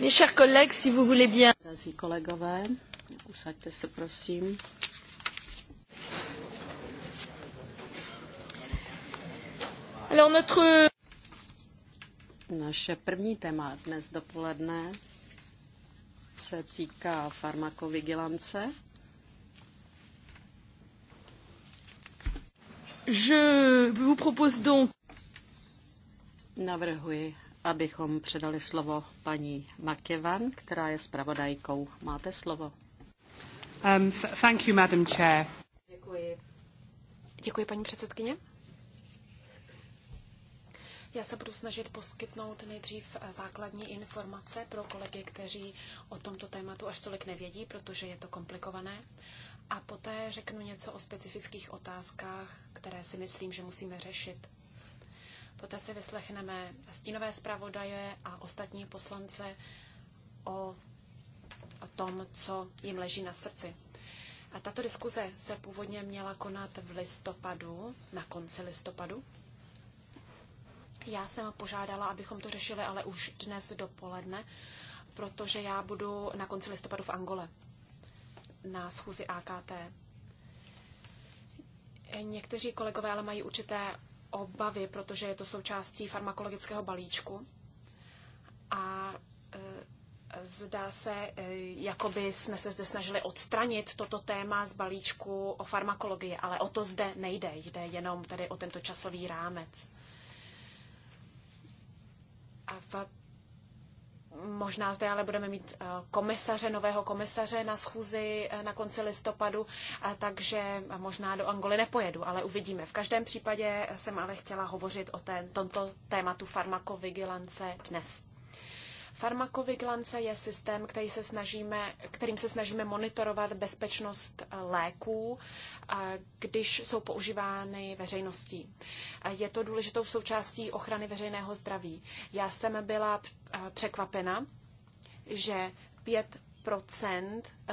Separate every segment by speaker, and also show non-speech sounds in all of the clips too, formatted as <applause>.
Speaker 1: Mes
Speaker 2: chers collègues, si vous voulez bien. Alors notre... Naše první téma dnes dopoledne se týká farmakovigilance.
Speaker 3: Je
Speaker 2: vous propose donc... Navrhuji, abychom předali slovo paní Makevan, která je zpravodajkou. Máte slovo.
Speaker 3: Um, thank you, Madam Chair. Děkuji. Děkuji, paní předsedkyně. Já se budu snažit poskytnout nejdřív základní informace pro kolegy, kteří o tomto tématu až tolik nevědí, protože je to komplikované. A poté řeknu něco o specifických otázkách, které si myslím, že musíme řešit Poté si vyslechneme stínové zpravodaje a ostatní poslance o, o tom, co jim leží na srdci. A tato diskuze se původně měla konat v listopadu, na konci listopadu. Já jsem požádala, abychom to řešili, ale už dnes dopoledne, protože já budu na konci listopadu v Angole na schůzi AKT. Někteří kolegové ale mají určité obavy, protože je to součástí farmakologického balíčku. A e, Zdá se, e, jakoby jsme se zde snažili odstranit toto téma z balíčku o farmakologii, ale o to zde nejde. Jde jenom tedy o tento časový rámec. A v Možná zde ale budeme mít eh, komisaře, nového komisaře na schůzi eh, na konci listopadu, eh, takže možná do Angoly nepojedu, ale uvidíme. V každém případě jsem ale chtěla hovořit o tomto tématu farmakovigilance dnes. Farmakovigilance je systém, který se snažíme, kterým se snažíme monitorovat bezpečnost léků, když jsou používány veřejností. Je to důležitou součástí ochrany veřejného zdraví. Já jsem byla eh, překvapena, že 5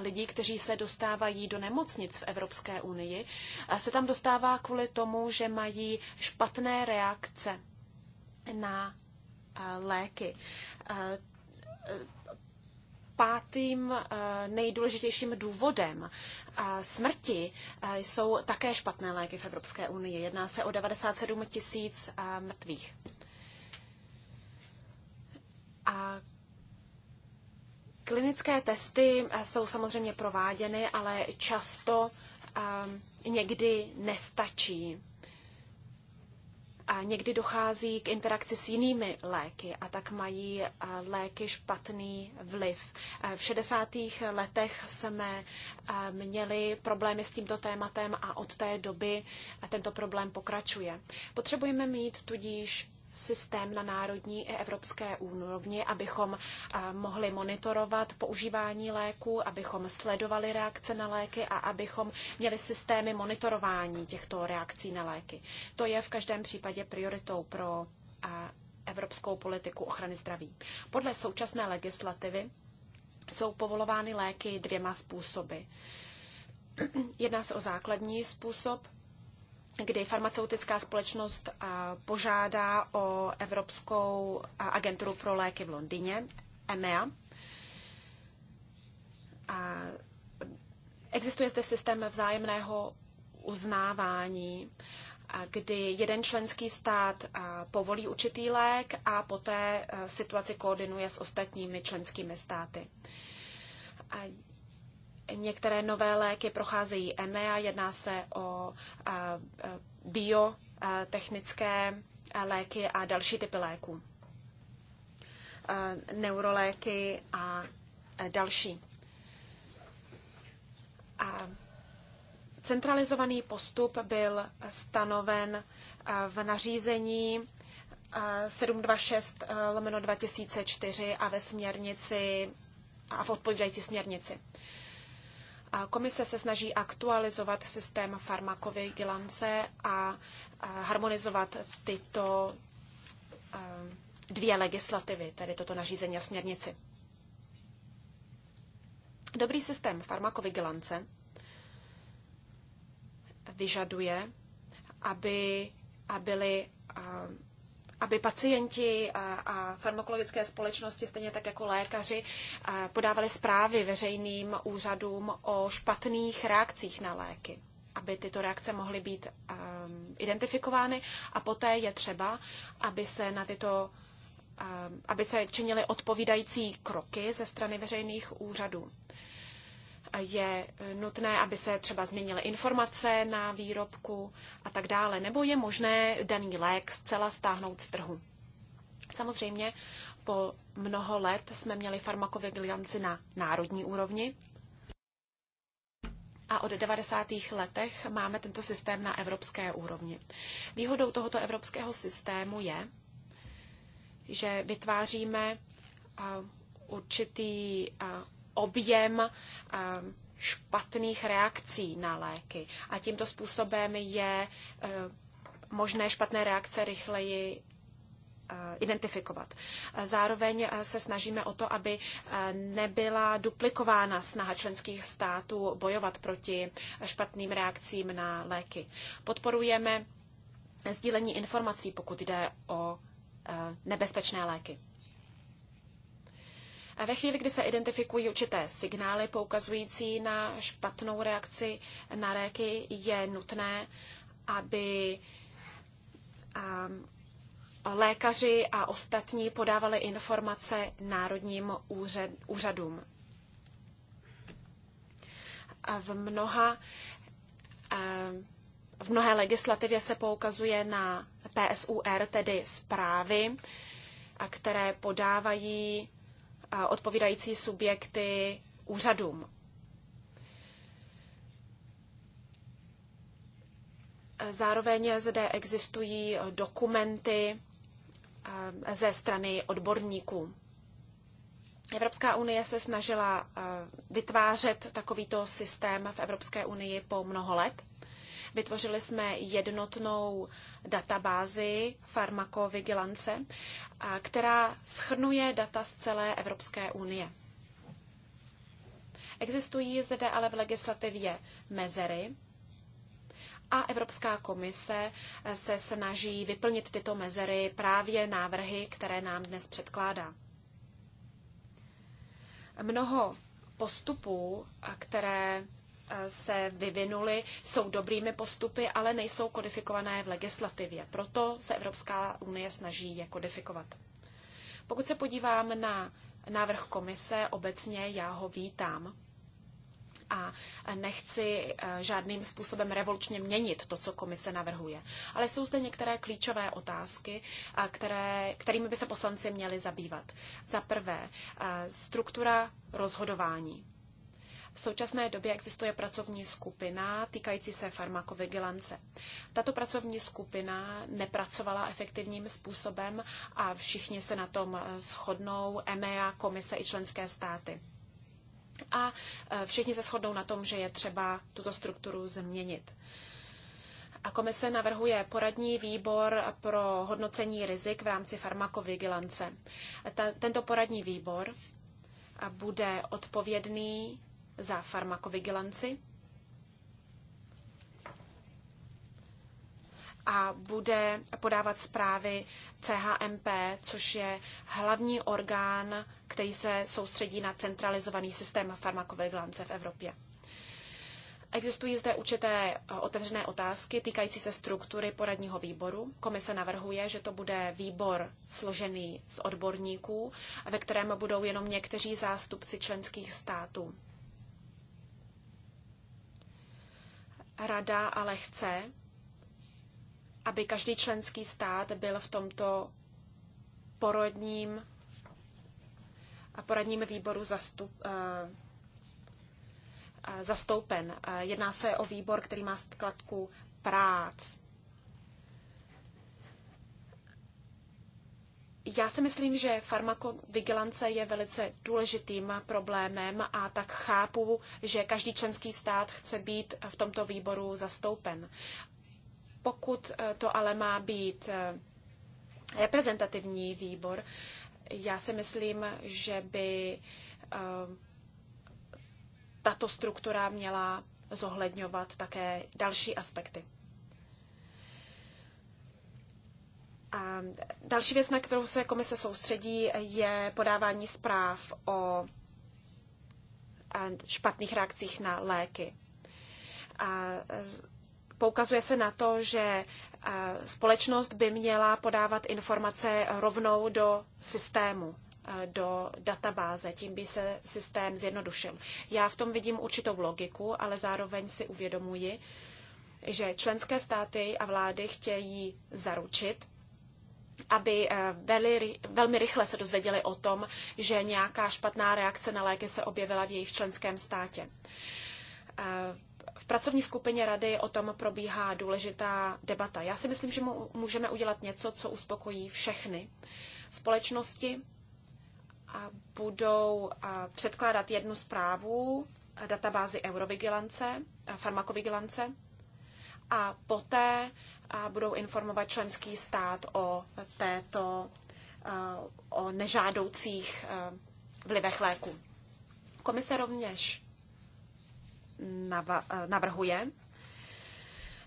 Speaker 3: lidí, kteří se dostávají do nemocnic v Evropské unii, eh, se tam dostává kvůli tomu, že mají špatné reakce na eh, léky pátým eh, nejdůležitějším důvodem eh, smrti eh, jsou také špatné léky v Evropské unii. Jedná se o 97 tisíc mrtvých. A klinické testy jsou samozřejmě prováděny, ale často někdy nestačí a někdy dochází k interakci s jinými léky a tak mají eh, léky špatný vliv. Eh, v 60. letech jsme eh, měli problémy s tímto tématem a od té doby tento problém pokračuje. Potřebujeme mít tudíž systém na národní i evropské úrovni, abychom eh, mohli monitorovat používání léků, abychom sledovali reakce na léky a abychom měli systémy monitorování těchto reakcí na léky. To je v každém případě prioritou pro eh, evropskou politiku ochrany zdraví. Podle současné legislativy jsou povolovány léky dvěma způsoby. <clears throat> Jedná se o základní způsob kdy farmaceutická společnost požádá o Evropskou agenturu pro léky v Londýně, EMEA. A existuje zde systém vzájemného uznávání, kdy jeden členský stát povolí určitý lék a poté situaci koordinuje s ostatními členskými státy. A Některé nové léky procházejí EMEA, jedná se o biotechnické léky a další typy léků. Neuroléky a další. A centralizovaný postup byl stanoven v nařízení 726 lomeno 2004 a ve směrnici a v odpovídající směrnici. Komise se snaží aktualizovat systém farmakovigilance a harmonizovat tyto dvě legislativy, tedy toto nařízení a směrnici. Dobrý systém farmakovigilance vyžaduje, aby aby. byly aby pacienti a farmakologické společnosti, stejně tak jako lékaři, podávali zprávy veřejným úřadům o špatných reakcích na léky aby tyto reakce mohly být um, identifikovány a poté je třeba, aby se na tyto ehm, aby se činily odpovídající kroky ze strany veřejných úřadů je nutné, aby se třeba změnily informace na výrobku a tak dále, nebo je možné daný lék zcela stáhnout z trhu. Samozřejmě po mnoho let jsme měli farmakovigilanci na národní úrovni a od 90. letech máme tento systém na evropské úrovni. Výhodou tohoto evropského systému je, že vytváříme určitý objem eh, špatných reakcí na léky. A tímto způsobem je eh, možné špatné reakce rychleji eh, identifikovat. Zároveň se snažíme o to, aby nebyla duplikována snaha členských států bojovat proti špatným reakcím na léky. Podporujeme sdílení informací, pokud jde o nebezpečné léky. A ve chvíli, kdy se identifikují určité signály poukazující na špatnou reakci na réky, je nutné, aby um, lékaři a ostatní podávali informace národním úřad, úřadům. A v mnoha um, v mnohé legislativě se poukazuje na PSUR, tedy zprávy, a které podávají odpovídající subjekty úřadům. Zároveň zde existují dokumenty eh, ze strany odborníků. Evropská unie se snažila eh, vytvářet takovýto systém v Evropské unii po mnoho let. Vytvořili jsme jednotnou databázi farmakovigilance, která schrnuje data z celé Evropské unie. Existují zde ale v legislativě mezery a Evropská komise se snaží vyplnit tyto mezery právě návrhy, které nám dnes předkládá. Mnoho postupů, které se vyvinuly, jsou dobrými postupy, ale nejsou kodifikované v legislativě. Proto se Evropská unie snaží je kodifikovat. Pokud se podívám na návrh komise, obecně já ho vítám a nechci eh, žádným způsobem revolučně měnit to, co komise navrhuje. Ale jsou zde některé klíčové otázky, které, kterými by se poslanci měli zabývat. Za prvé, eh, struktura rozhodování. V současné době existuje pracovní skupina týkající se farmakovigilance. Tato pracovní skupina nepracovala efektivním způsobem a všichni se na tom eh, shodnou, EMEA, komise i členské státy. A eh, všichni se shodnou na tom, že je třeba tuto strukturu změnit. A komise navrhuje poradní výbor pro hodnocení rizik v rámci farmakovigilance. tento poradní výbor bude odpovědný za farmakovigilanci a bude podávat zprávy CHMP, což je hlavní orgán, který se soustředí na centralizovaný systém farmakovigilance v Evropě. Existují zde určité otevřené otázky týkající se struktury poradního výboru. Komise navrhuje, že to bude výbor složený z odborníků, ve kterém budou jenom někteří zástupci členských států. Rada ale chce, aby každý členský stát byl v tomto porodním a poradním výboru zastup, eh, eh, zastoupen. Eh, jedná se o výbor, který má skladku práce. Já si myslím, že farmakovigilance je velice důležitým problémem a tak chápu, že každý členský stát chce být v tomto výboru zastoupen. Pokud eh, to ale má být eh, reprezentativní výbor, já si myslím, že by eh, tato struktura měla zohledňovat také další aspekty. další věc, na kterou se komise soustředí, je podávání zpráv o špatných reakcích na léky. A poukazuje se na to, že společnost by měla podávat informace rovnou do systému, do databáze, tím by se systém zjednodušil. Já v tom vidím určitou logiku, ale zároveň si uvědomuji, že členské státy a vlády chtějí zaručit, aby eh, veli, velmi rychle se dozvěděli o tom, že nějaká špatná reakce na léky se objevila v jejich členském státě. Eh, v pracovní skupině rady o tom probíhá důležitá debata. Já si myslím, že můžeme udělat něco, co uspokojí všechny společnosti a budou eh, předkládat jednu zprávu databázy eurovigilance, farmakovigilance a poté budou informovat členský stát o této, eh, o nežádoucích eh, vlivech léku. Komise rovněž eh, navrhuje,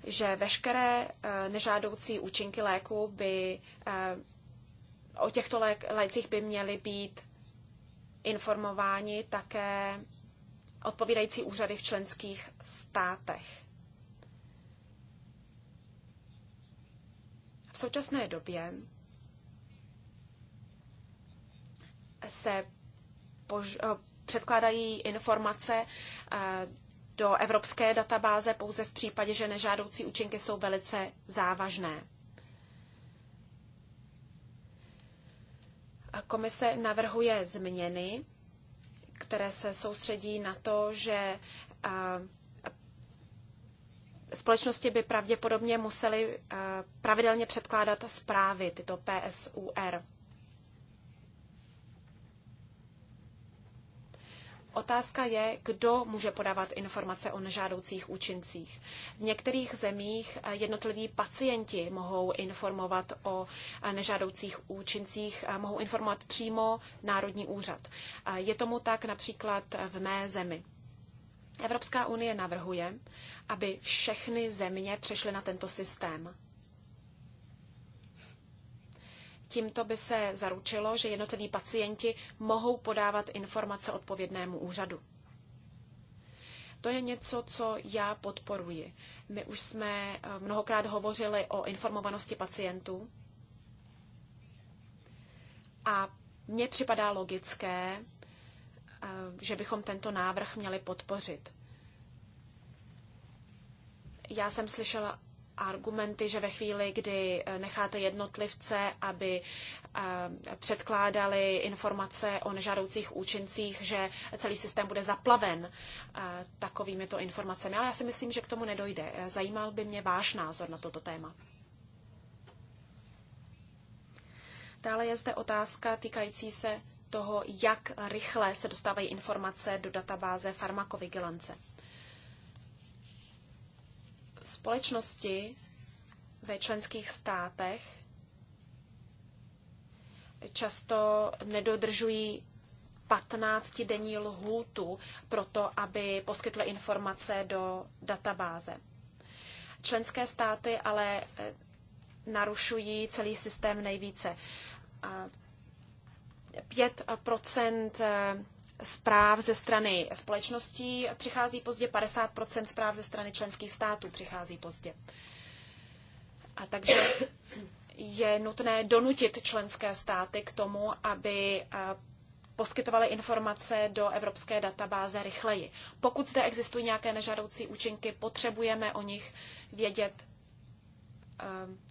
Speaker 3: že veškeré nežádoucí účinky léku by o těchto lécích by měly být informováni také odpovídající úřady v členských státech. současné době se pož- eh, předkládají informace eh, do evropské databáze pouze v případě, že nežádoucí účinky jsou velice závažné. Komise navrhuje změny, které se soustředí na to, že eh, Společnosti by pravděpodobně musely eh, pravidelně předkládat zprávy, tyto PSUR. Otázka je, kdo může podávat informace o nežádoucích účincích. V některých zemích eh, jednotliví pacienti mohou informovat o eh, nežádoucích účincích, mohou informovat přímo Národní úřad. Je tomu tak například v mé zemi. Evropská unie navrhuje, aby všechny země přešly na tento systém. Tímto by se zaručilo, že jednotliví pacienti mohou podávat informace odpovědnému úřadu. To je něco, co já podporuji. My už jsme eh, mnohokrát hovořili o informovanosti pacientů a mně připadá logické Eh, že bychom tento návrh měli podpořit. Já jsem slyšela argumenty, že ve chvíli, kdy eh, necháte jednotlivce, aby eh, předkládali informace o nežádoucích účincích, že celý systém bude zaplaven takovými to informacemi. Ale já si myslím, že k tomu nedojde. Zajímal by mě váš názor na toto téma. Dále je zde otázka týkající se toho, jak rychle se dostávají informace do databáze farmakovigilance. Společnosti ve členských státech často nedodržují 15-denní lhůtu pro to, aby poskytly informace do databáze. Členské státy ale eh, narušují celý systém nejvíce. 5 eh, zpráv ze strany společností přichází pozdě, 50 zpráv ze strany členských států přichází pozdě. A takže je nutné donutit členské státy k tomu, aby eh, poskytovaly informace do evropské databáze rychleji. Pokud zde existují nějaké nežadoucí účinky, potřebujeme o nich vědět eh,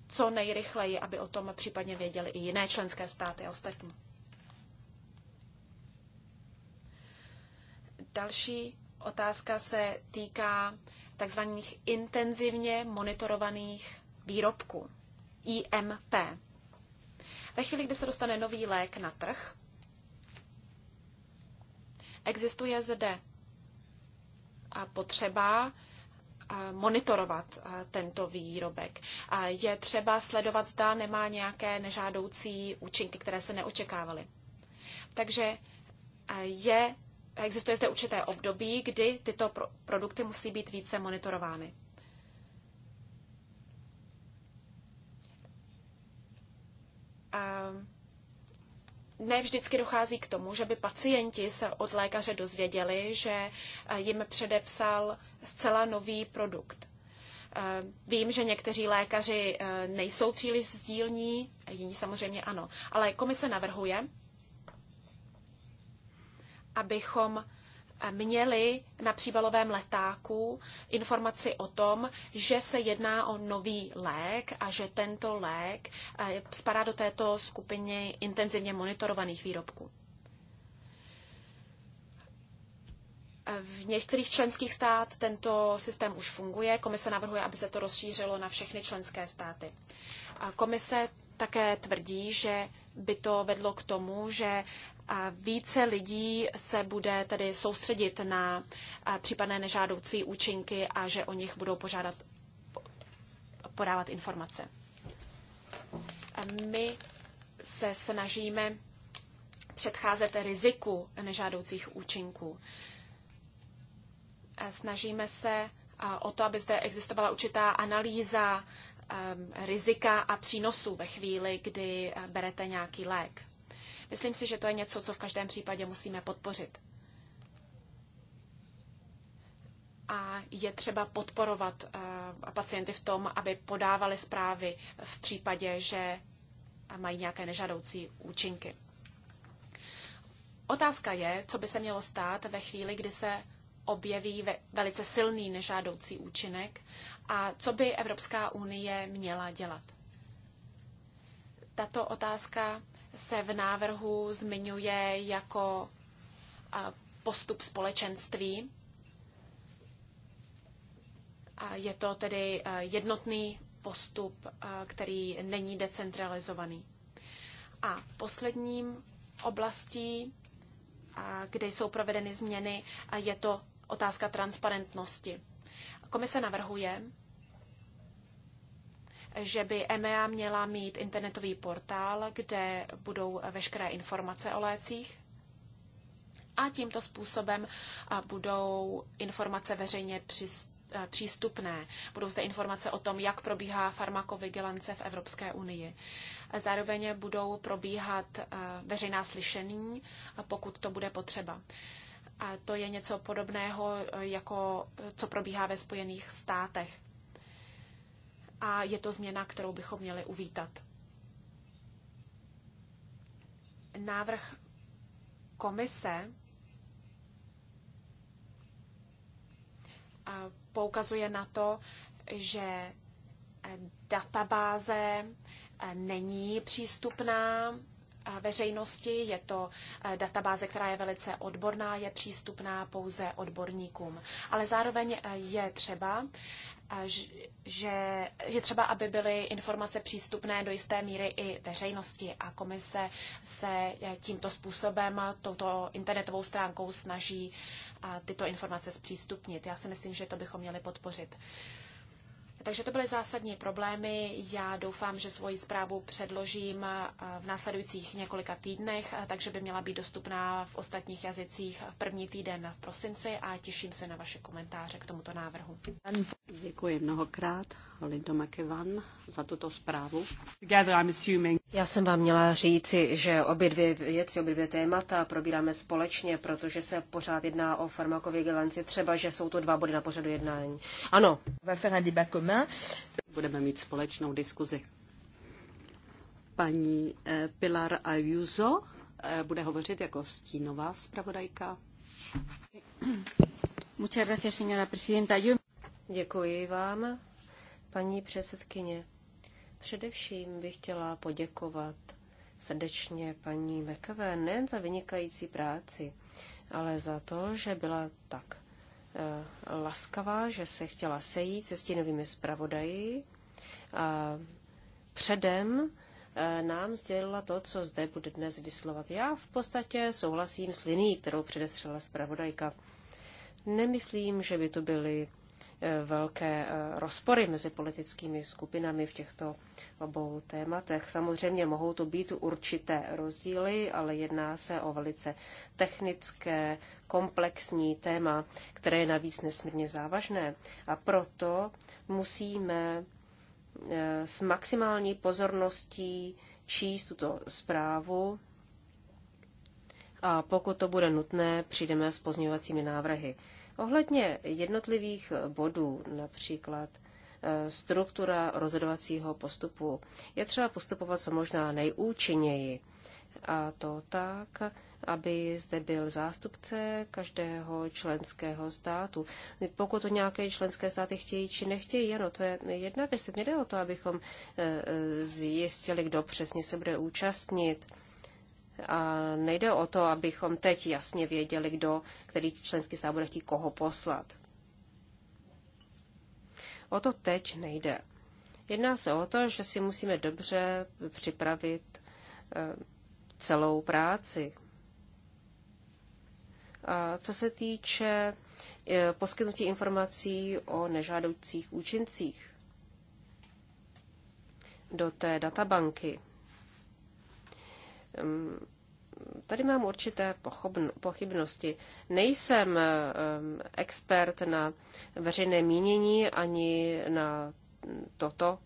Speaker 3: co nejrychleji, aby o tom případně věděli i jiné členské státy a ostatní. Další otázka se týká takzvaných intenzivně monitorovaných výrobků, IMP. Ve chvíli, kdy se dostane nový lék na trh, existuje zde potřeba monitorovat tento výrobek. Je třeba sledovat, zda nemá nějaké nežádoucí účinky, které se neočekávaly. Takže je existuje zde určité období, kdy tyto pro produkty musí být více monitorovány. A ne vždycky dochází k tomu, že by pacienti se od lékaře dozvěděli, že eh, jim předepsal zcela nový produkt. Eh, vím, že někteří lékaři eh, nejsou příliš sdílní, jiní samozřejmě ano, ale komise navrhuje, abychom měli na příbalovém letáku informaci o tom, že se jedná o nový lék a že tento lék eh, spadá do této skupiny intenzivně monitorovaných výrobků. V některých členských stát tento systém už funguje. Komise navrhuje, aby se to rozšířilo na všechny členské státy. Komise také tvrdí, že by to vedlo k tomu, že více lidí se bude tedy soustředit na případné nežádoucí účinky a že o nich budou požádat, podávat informace. My se snažíme předcházet riziku nežádoucích účinků. Snažíme se o to, aby zde existovala určitá analýza rizika a přínosů ve chvíli, kdy berete nějaký lék. Myslím si, že to je něco, co v každém případě musíme podpořit. A je třeba podporovat eh, pacienty v tom, aby podávali zprávy v případě, že mají nějaké nežadoucí účinky. Otázka je, co by se mělo stát ve chvíli, kdy se objeví ve velice silný nežádoucí účinek a co by Evropská unie měla dělat. Tato otázka se v návrhu zmiňuje jako postup společenství. Je to tedy jednotný postup, který není decentralizovaný. A posledním oblastí, kde jsou provedeny změny, je to otázka transparentnosti. Komise navrhuje, že by EMEA měla mít internetový portál, kde budou veškeré informace o lécích a tímto způsobem budou informace veřejně přístupné. Budou zde informace o tom, jak probíhá farmakovigilance v Evropské unii. Zároveň budou probíhat veřejná slyšení, pokud to bude potřeba. A to je něco podobného, jako co probíhá ve Spojených státech a je to změna, kterou bychom měli uvítat. Návrh komise poukazuje na to, že e, databáze e, není přístupná e, veřejnosti. Je to databáze, která je velice odborná, je přístupná pouze odborníkům. Ale zároveň je třeba že že třeba, aby byly informace přístupné do jisté míry i veřejnosti a komise se eh, tímto způsobem, eh, touto internetovou stránkou snaží eh, tyto informace zpřístupnit. Já si myslím, že to bychom měli podpořit. Takže to byly zásadní problémy. Já doufám, že svoji zprávu předložím eh, v následujících několika týdnech, eh, takže by měla být dostupná v ostatních jazycích v první týden v prosinci a těším se na vaše komentáře k tomuto návrhu.
Speaker 2: Děkuji
Speaker 1: mnohokrát. Lindo McEwan za tuto zprávu. Já jsem vám měla říci, že obě dvě věci, obě dvě témata probíráme společně, protože se pořád jedná o farmakovigilanci, třeba, že jsou to dva body na pořadu jednání. Ano. Budeme mít společnou diskuzi. Paní
Speaker 2: eh, Pilar Ayuso eh, bude hovořit jako stínová zpravodajka.
Speaker 1: Děkuji vám. Paní předsedkyně, především bych chtěla poděkovat srdečně paní Mekové nejen za vynikající práci, ale za to, že byla tak eh, laskavá, že se chtěla sejít se stínovými zpravodaji a předem eh, nám sdělila to, co zde bude dnes vyslovat. Já v podstatě souhlasím s linií, kterou předestřela zpravodajka. Nemyslím, že by to byly Eh, velké eh, rozpory mezi politickými skupinami v těchto obou tématech. Samozřejmě mohou to být určité rozdíly, ale jedná se o velice technické, komplexní téma, které je navíc nesmírně závažné. A proto musíme eh, s maximální pozorností číst tuto zprávu a pokud to bude nutné, přijdeme s pozměňovacími návrhy. Ohledně jednotlivých bodů, například eh, struktura rozhodovacího postupu, je třeba postupovat co možná nejúčinněji. A to tak, aby zde byl zástupce každého členského státu. Pokud to nějaké členské státy chtějí či nechtějí, ano, to je jedna věc. Nejde o to, abychom eh, eh, zjistili, kdo přesně se bude účastnit a nejde o to, abychom teď jasně věděli, kdo, který členský stát bude chtít koho poslat. O to teď nejde. Jedná se o to, že si musíme dobře připravit eh, celou práci. A co se týče eh, poskytnutí informací o nežádoucích účincích do té databanky, tady mám určité pochybnosti. Nejsem expert na veřejné mínění ani na toto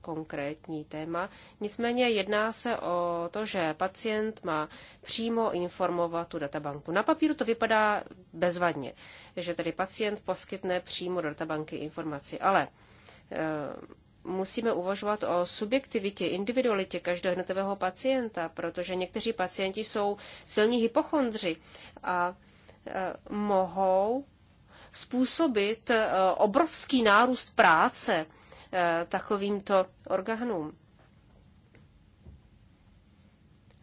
Speaker 1: konkrétní téma. Nicméně jedná se o to, že pacient má přímo informovat tu databanku. Na papíru to vypadá bezvadně, že tedy pacient poskytne přímo do databanky informaci, ale musíme uvažovat o subjektivitě, individualitě každého jednotlivého pacienta, protože někteří pacienti jsou silní hypochondři a e, mohou způsobit e, obrovský nárůst práce e, takovýmto orgánům.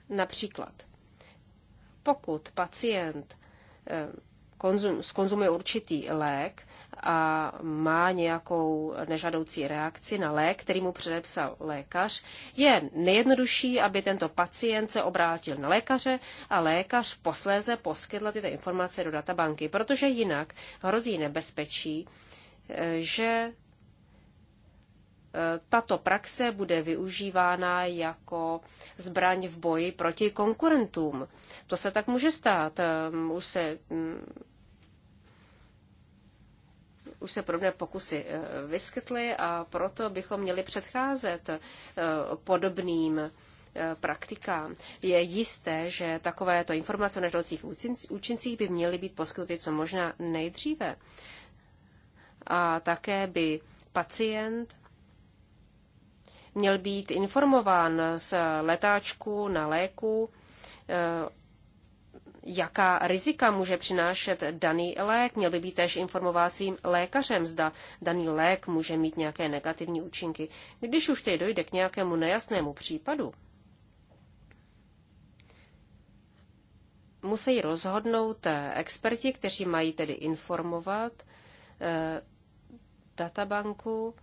Speaker 1: Například, pokud pacient konzum, skonzumuje určitý lék a má nějakou nežadoucí reakci na lék, který mu předepsal lékař, je nejjednodušší, aby tento pacient se obrátil na lékaře a lékař posléze poskytl tyto informace do databanky, protože jinak hrozí nebezpečí, eh, že eh, tato praxe bude využívána jako zbraň v boji proti konkurentům. To se tak může stát. Eh, už se mm, už se podobné pokusy eh, vyskytly a proto bychom měli předcházet eh, podobným eh, praktikám. Je jisté, že takovéto informace o nežádoucích účincích by měly být poskytnuty co možná nejdříve. A také by pacient měl být informován z letáčku na léku jaká rizika může přinášet daný lék. Měl by být též informován svým lékařem, zda daný lék může mít nějaké negativní účinky. Když už teď dojde k nějakému nejasnému případu, musí rozhodnout eh, experti, kteří mají tedy informovat eh, databanku,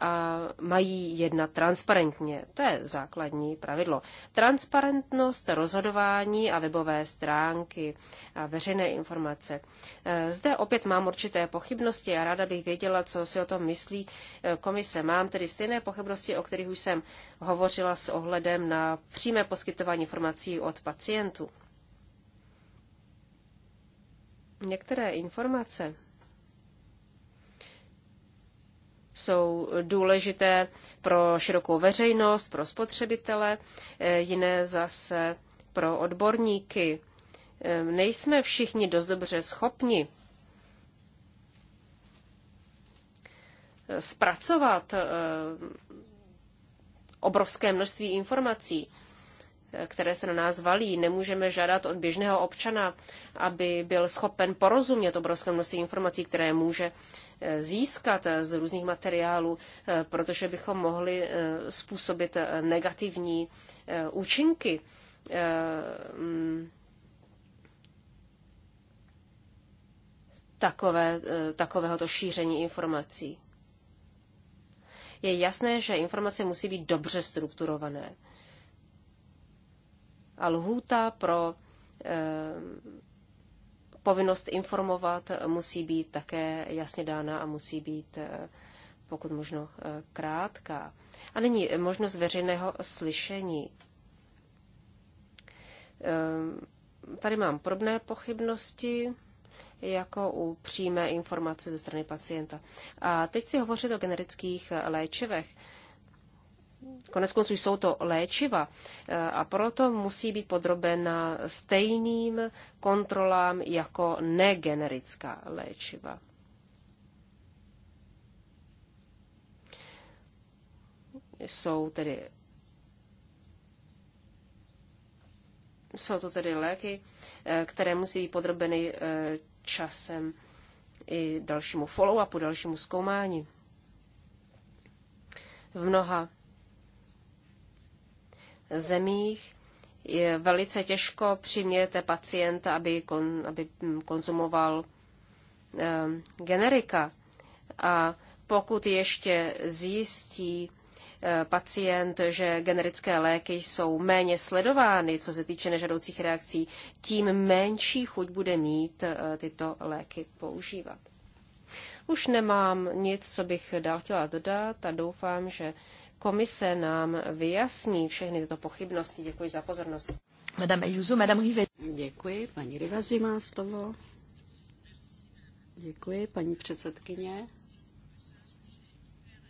Speaker 1: a mají jednat transparentně. To je základní pravidlo. Transparentnost rozhodování a webové stránky a veřejné informace. E, zde opět mám určité pochybnosti a ráda bych věděla, co si o tom myslí e, komise. Mám tedy stejné pochybnosti, o kterých už jsem hovořila s ohledem na přímé poskytování informací od pacientů. Některé informace jsou důležité pro širokou veřejnost, pro spotřebitele, eh, jiné zase pro odborníky. Ehm, nejsme všichni dost dobře schopni eh, zpracovat ehm, obrovské množství informací které se na nás valí. Nemůžeme žádat od běžného občana, aby byl schopen porozumět obrovské množství informací, které může eh, získat eh, z různých materiálů, eh, protože bychom mohli způsobit negativní účinky mm, takové, takovéhoto šíření informací. Je jasné, že informace musí být dobře strukturované a lhůta pro eh, povinnost informovat musí být také jasně dána a musí být eh, pokud možno eh, krátká. A není možnost veřejného slyšení. Tady mám podobné pochybnosti jako u přímé informace ze strany pacienta. A teď si hovořit o generických léčivech. Konec konců jsou to léčiva eh, a proto musí být podrobena stejným kontrolám jako negenerická léčiva. Jsou tedy jsou to tedy léky, eh, které musí být podrobeny eh, časem i dalšímu follow-upu, dalšímu zkoumání. V mnoha zemích je velice těžko přimějete pacienta, aby, kon, aby konzumoval eh, generika. A pokud ještě zjistí eh, pacient, že generické léky jsou méně sledovány, co se týče nežadoucích reakcí, tím menší chuť bude mít eh, tyto léky používat. Už nemám nic, co bych dál chtěla dodat a doufám, že eh, komise nám vyjasní všechny tyto pochybnosti. Děkuji za pozornost. Madame Ayuso, Madame Rive. Děkuji, paní Rivazi má slovo.
Speaker 2: Děkuji, paní předsedkyně.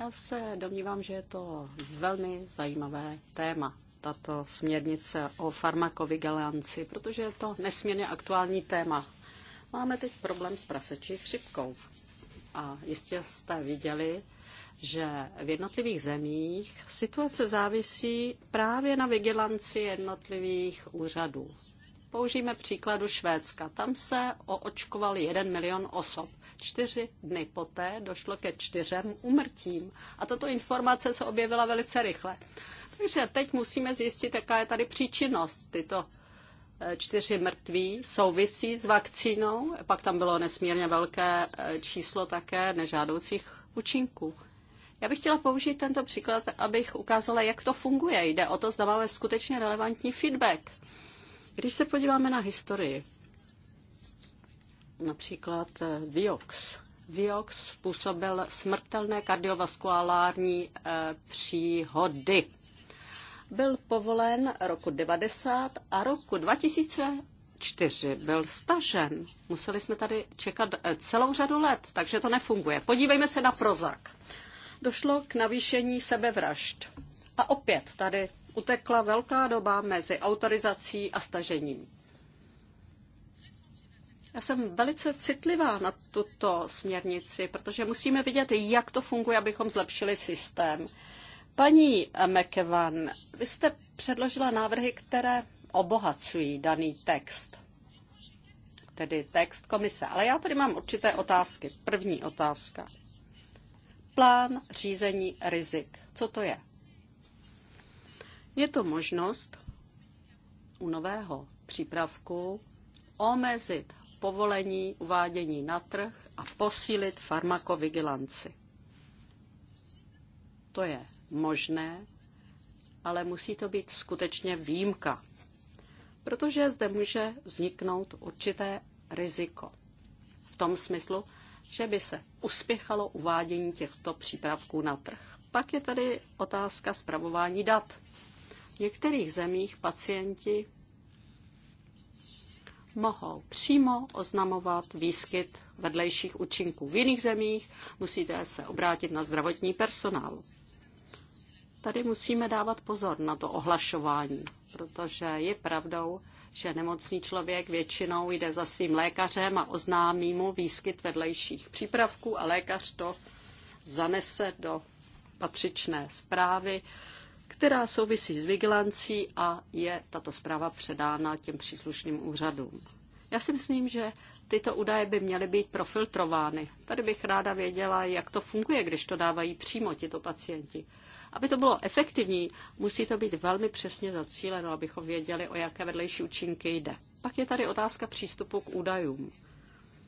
Speaker 2: Já se domnívám, že je to velmi zajímavé téma, tato směrnice o farmakovigilanci, protože je to nesmírně aktuální téma. Máme teď problém s prasečí chřipkou. A jistě jste viděli, že v jednotlivých zemích situace závisí právě na vigilanci jednotlivých úřadů. Použijeme příkladu Švédska. Tam se oočkovali 1 milion osob. Čtyři dny poté došlo ke čtyřem umrtím. A tato informace se objevila velice rychle. Takže teď musíme zjistit, jaká je tady příčinnost. Tyto eh, čtyři mrtví souvisí s vakcínou. Pak tam bylo nesmírně velké eh, číslo také nežádoucích účinků. Já bych chtěla použít tento příklad, abych ukázala, jak to funguje. Jde o to, zda máme skutečně relevantní feedback. Když se podíváme na historii, například eh, Viox. Viox způsobil smrtelné kardiovaskulární eh, příhody. Byl povolen roku 90 a roku 2004 byl stažen. Museli jsme tady čekat eh, celou řadu let, takže to nefunguje. Podívejme se na Prozac došlo k navýšení sebevražd. A opět tady utekla velká doba mezi autorizací a stažením. Já jsem velice citlivá na tuto směrnici, protože musíme vidět, jak to funguje, abychom zlepšili systém. Paní McEvan, vy jste předložila návrhy, které obohacují daný text, tedy text komise. Ale já tady mám určité otázky. První otázka plán řízení rizik. Co to je? Je to možnost u nového přípravku omezit povolení uvádění na trh a posílit farmakovigilanci. To je možné, ale musí to být skutečně výjimka, protože zde může vzniknout určité riziko. V tom smyslu, že by se uspěchalo uvádění těchto přípravků na trh. Pak je tady otázka zpravování dat. V některých zemích pacienti mohou přímo oznamovat výskyt vedlejších účinků. V jiných zemích musíte se obrátit na zdravotní personál. Tady musíme dávat pozor na to ohlašování, protože je pravdou, že nemocný člověk většinou jde za svým lékařem a oznámí mu výskyt vedlejších přípravků a lékař to zanese do patřičné zprávy, která souvisí s vigilancí a je tato zpráva předána těm příslušným úřadům. Já si myslím, že tyto údaje by měly být profiltrovány. Tady bych ráda věděla, jak to funguje, když to dávají přímo tito pacienti. Aby to bylo efektivní, musí to být velmi přesně zacíleno, abychom věděli, o jaké vedlejší účinky jde. Pak je tady otázka přístupu k údajům.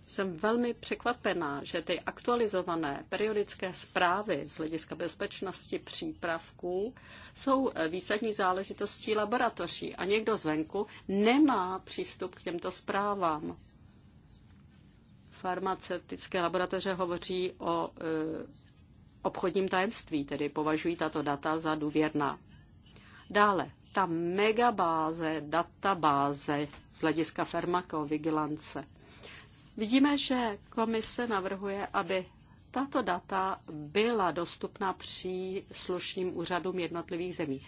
Speaker 2: Jsem velmi překvapená, že ty aktualizované periodické zprávy z hlediska bezpečnosti přípravků jsou eh, výsadní záležitostí laboratoří a někdo zvenku nemá přístup k těmto zprávám farmaceutické laboratoře hovoří o e, obchodním tajemství, tedy považují tato data za důvěrná. Dále, ta megabáze, databáze z hlediska farmakovigilance. Vidíme, že komise navrhuje, aby tato data byla dostupná příslušným úřadům jednotlivých zemí.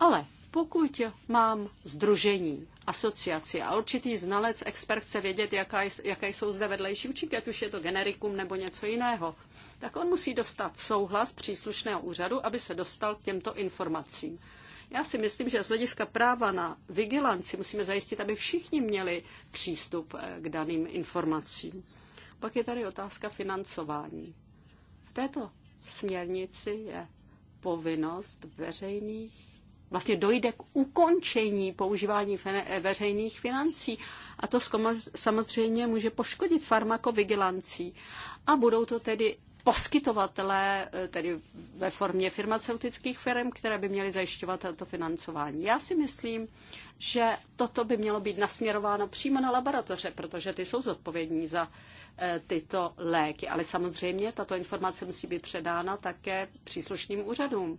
Speaker 2: Ale pokud mám združení, asociaci a určitý znalec, expert chce vědět, jaká, jaké jsou zde vedlejší účinky, ať už je to generikum nebo něco jiného, tak on musí dostat souhlas příslušného úřadu, aby se dostal k těmto informacím. Já si myslím, že z hlediska práva na vigilanci musíme zajistit, aby všichni měli přístup eh, k daným informacím. Pak je tady otázka financování. V této směrnici je povinnost veřejných vlastně dojde k ukončení používání eh, veřejných financí. A to samozřejmě může poškodit farmakovigilancí. A budou to tedy poskytovatelé, eh, tedy ve formě farmaceutických firm, které by měly zajišťovat toto financování. Já si myslím, že toto by mělo být nasměrováno přímo na laboratoře, protože ty jsou zodpovědní za eh, tyto léky. Ale samozřejmě tato informace musí být předána také příslušným úřadům.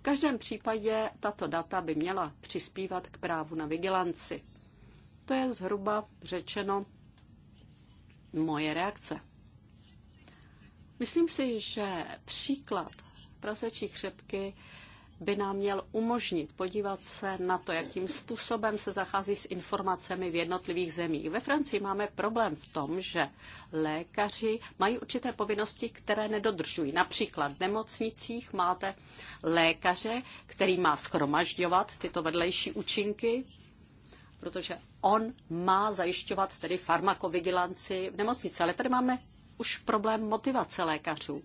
Speaker 2: V každém případě tato data by měla přispívat k právu na vigilanci. To je zhruba řečeno moje reakce. Myslím si, že příklad prasečí chřepky by nám měl umožnit podívat se na to, jakým způsobem se zachází s informacemi v jednotlivých zemích. Ve Francii máme problém v tom, že lékaři mají určité povinnosti, které nedodržují. Například v nemocnicích máte lékaře, který má schromažďovat tyto vedlejší účinky, protože on má zajišťovat tedy farmakovigilanci v nemocnici. Ale tady máme už problém motivace lékařů.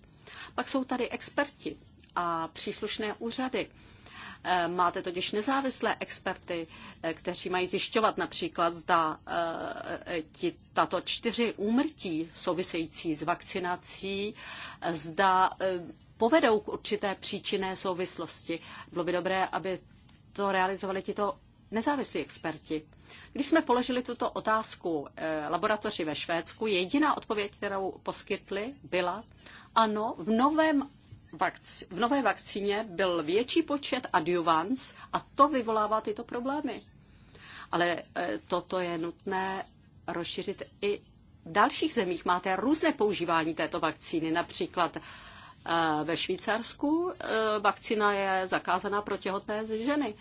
Speaker 2: Pak jsou tady experti, a příslušné úřady. Eh, máte totiž nezávislé experty, eh, kteří mají zjišťovat například, zda eh, ti, tato čtyři úmrtí související s vakcinací, zda povedou k určité příčinné souvislosti. Bylo by dobré, aby to realizovali tito nezávislí experti. Když jsme položili tuto otázku laboratoři ve Švédsku, jediná odpověď, kterou poskytli, byla ano, v novém v nové vakcíně byl větší počet adjuvans a to vyvolává tyto problémy. Ale e, toto je nutné rozšířit i v dalších zemích. Máte různé používání této vakcíny, například e, ve Švýcarsku e, vakcína je zakázaná pro těhotné ženy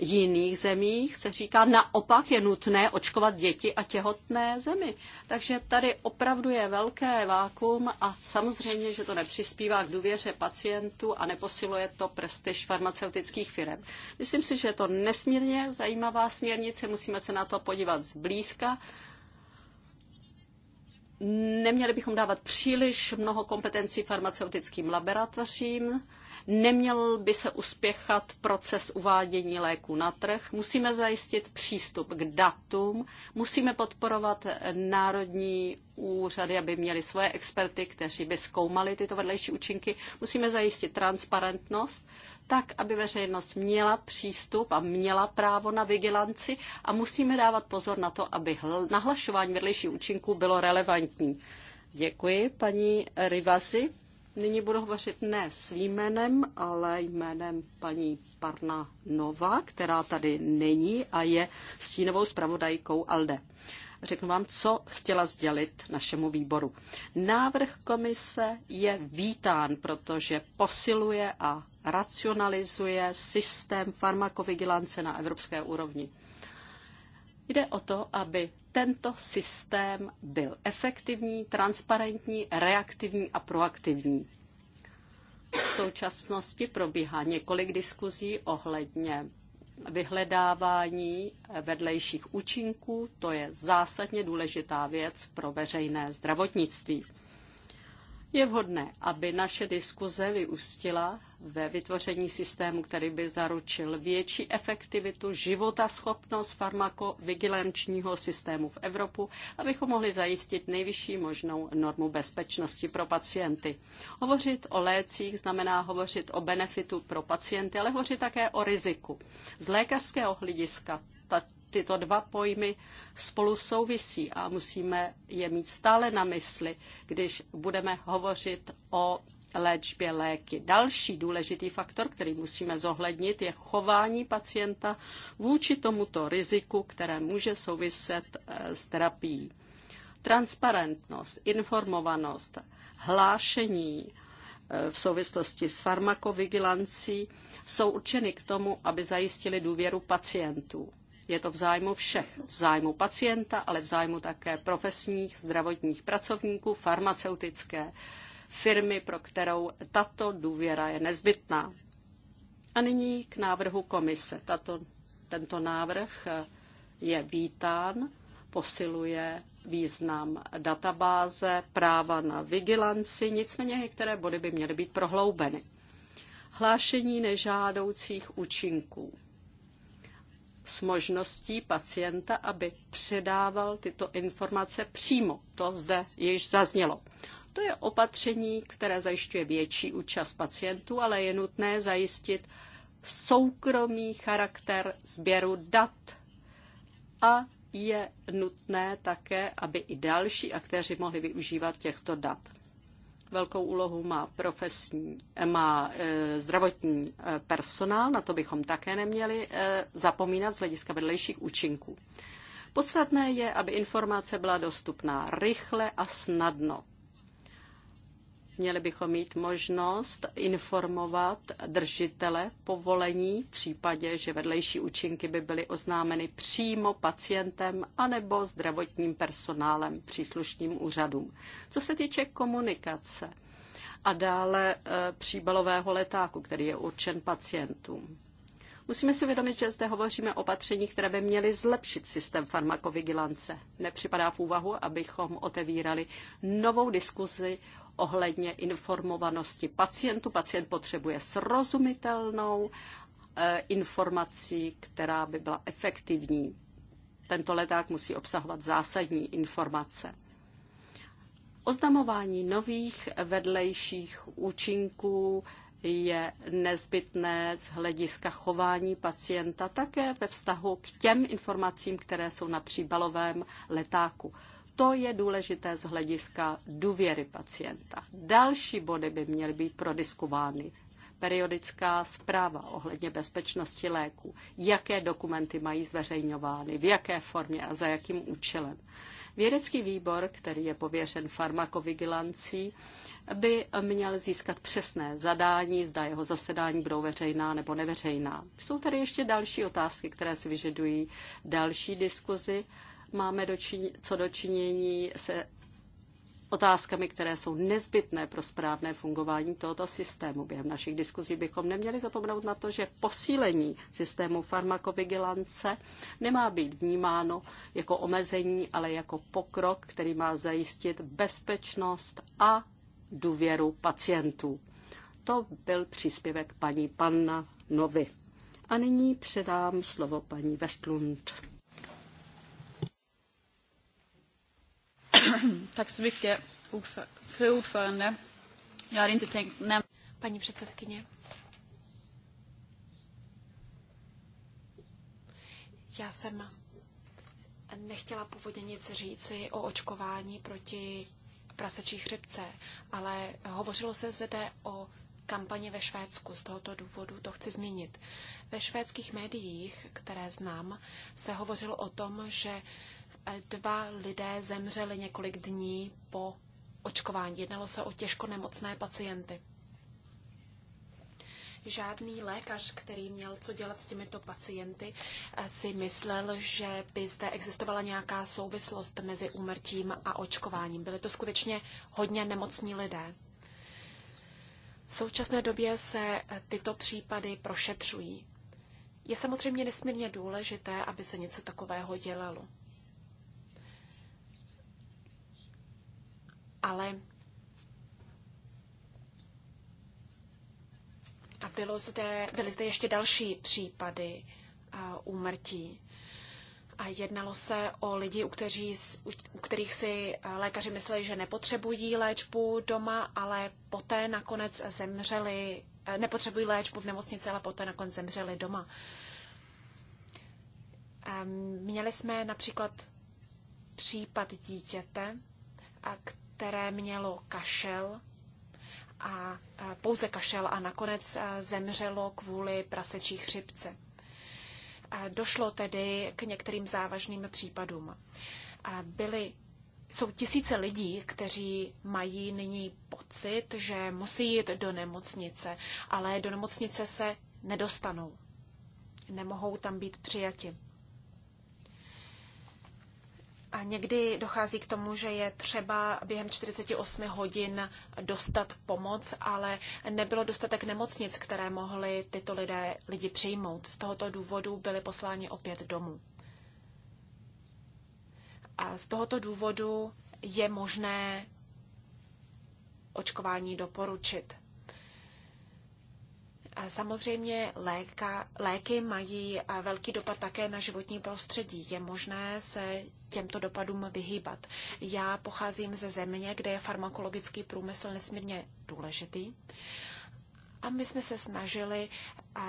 Speaker 2: jiných zemích se říká, naopak je nutné očkovat děti a těhotné zemi. Takže tady opravdu je velké vákum a samozřejmě, že to nepřispívá k důvěře pacientů a neposiluje to prestiž farmaceutických firm. Myslím si, že je to nesmírně zajímavá směrnice, musíme se na to podívat zblízka neměli bychom dávat příliš mnoho kompetencí farmaceutickým laboratořím. Neměl by se uspěchat proces uvádění léku na trh. Musíme zajistit přístup k datům. Musíme podporovat národní úřady, aby měli svoje experty, kteří by zkoumali tyto vedlejší účinky. Musíme zajistit transparentnost, tak, aby veřejnost měla přístup a měla právo na vigilanci a musíme dávat pozor na to, aby nahlašování vedlejších účinků bylo relevantní. Děkuji, paní Rivasi. Nyní budu hovořit ne svým jménem, ale jménem paní Parna Nova, která tady není a je stínovou zpravodajkou ALDE. Řeknu vám, co chtěla sdělit našemu výboru. Návrh komise je vítán, protože posiluje a racionalizuje systém farmakovigilance na evropské úrovni. Jde o to, aby tento systém byl efektivní, transparentní, reaktivní a proaktivní. V současnosti probíhá několik diskuzí ohledně vyhledávání vedlejších účinků. To je zásadně důležitá věc pro veřejné zdravotnictví. Je vhodné, aby naše diskuze vyústila ve vytvoření systému, který by zaručil větší efektivitu života schopnost farmakovigilančního systému v Evropu, abychom mohli zajistit nejvyšší možnou normu bezpečnosti pro pacienty. Hovořit o lécích znamená hovořit o benefitu pro pacienty, ale hovořit také o riziku. Z lékařského hlediska tyto dva pojmy spolu souvisí a musíme je mít stále na mysli, když budeme hovořit o léčbě léky. Další důležitý faktor, který musíme zohlednit, je chování pacienta vůči tomuto riziku, které může souviset eh, s terapií. Transparentnost, informovanost, hlášení eh, v souvislosti s farmakovigilancí jsou určeny k tomu, aby zajistili důvěru pacientů. Je to v zájmu všech, v zájmu pacienta, ale v zájmu také profesních zdravotních pracovníků, farmaceutické firmy, pro kterou tato důvěra je nezbytná. A nyní k návrhu komise. Tato, tento návrh eh, je vítán, posiluje význam databáze, práva na vigilanci, nicméně některé body by měly být prohloubeny. Hlášení nežádoucích účinků s možností pacienta, aby předával tyto informace přímo. To zde již zaznělo. To je opatření, které zajišťuje větší účast pacientů, ale je nutné zajistit soukromý charakter sběru dat. A je nutné také, aby i další aktéři mohli využívat těchto dat. Velkou úlohu má, profesní, má e, zdravotní e, personál, na to bychom také neměli e, zapomínat z hlediska vedlejších účinků. Podstatné je, aby informace byla dostupná rychle a snadno. Měli bychom mít možnost informovat držitele povolení v případě, že vedlejší účinky by byly oznámeny přímo pacientem anebo zdravotním personálem příslušným úřadům. Co se týče komunikace a dále e, příbalového letáku, který je určen pacientům. Musíme si uvědomit, že zde hovoříme o opatření, které by měly zlepšit systém farmakovigilance. Nepřipadá v úvahu, abychom otevírali novou diskuzi ohledně informovanosti pacientů. Pacient potřebuje srozumitelnou eh, informací, která by byla efektivní. Tento leták musí obsahovat zásadní informace. Oznamování nových vedlejších účinků je nezbytné z hlediska chování pacienta také ve vztahu k těm informacím, které jsou na příbalovém letáku. To je důležité z hlediska důvěry pacienta. Další body by měly být prodiskovány. Periodická zpráva ohledně bezpečnosti léků, jaké dokumenty mají zveřejňovány, v jaké formě a za jakým účelem. Vědecký výbor, který je pověřen farmakovigilancí, by měl získat přesné zadání, zda jeho zasedání budou veřejná nebo neveřejná. Jsou tady ještě další otázky, které si vyžadují další diskuzi máme dočin, co dočinění se otázkami, které jsou nezbytné pro správné fungování tohoto systému. Během našich diskuzí bychom neměli zapomenout na to, že posílení systému farmakovigilance nemá být vnímáno jako omezení, ale jako pokrok, který má zajistit bezpečnost a důvěru pacientů. To byl příspěvek paní Panna Novy. A nyní předám slovo paní Westlund.
Speaker 3: <coughs> Tack så mycket, fru ordförande. Jag hade inte tänkt nämna... Paní předsedkyně. Já jsem nechtěla původně nic říci o očkování proti prasečí chřipce, ale hovořilo se zde o kampani ve Švédsku. Z tohoto důvodu to chci zmínit. Ve švédských médiích, které znám, se hovořilo o tom, že Dva lidé zemřeli několik dní po očkování. Jednalo se o těžko nemocné pacienty. Žádný lékař, který měl co dělat s těmito pacienty, eh, si myslel, že by zde existovala nějaká souvislost mezi úmrtím a očkováním. Byly to skutečně hodně nemocní lidé. V současné době se eh, tyto případy prošetřují. Je samozřejmě nesmírně důležité, aby se něco takového dělalo. ale a bylo zde, byly zde ještě další případy úmrtí. A jednalo se o lidi, u, kteří, u kterých si lékaři mysleli, že nepotřebují léčbu doma, ale poté nakonec zemřeli, nepotřebují léčbu v nemocnici, ale poté nakonec zemřeli doma. Měli jsme například případ dítěte, které mělo kašel a pouze kašel a nakonec zemřelo kvůli prasečí chřipce. Došlo tedy k některým závažným případům. Byly, jsou tisíce lidí, kteří mají nyní pocit, že musí jít do nemocnice, ale do nemocnice se nedostanou. Nemohou tam být přijati. A někdy dochází k tomu, že je třeba během 48 hodin dostat pomoc, ale nebylo dostatek nemocnic, které mohly tyto lidé, lidi přijmout. Z tohoto důvodu byli posláni opět domů. A z tohoto důvodu je možné očkování doporučit. Samozřejmě léka, léky mají velký dopad také na životní prostředí. Je možné se těmto dopadům vyhýbat. Já pocházím ze země, kde je farmakologický průmysl nesmírně důležitý. A my jsme se snažili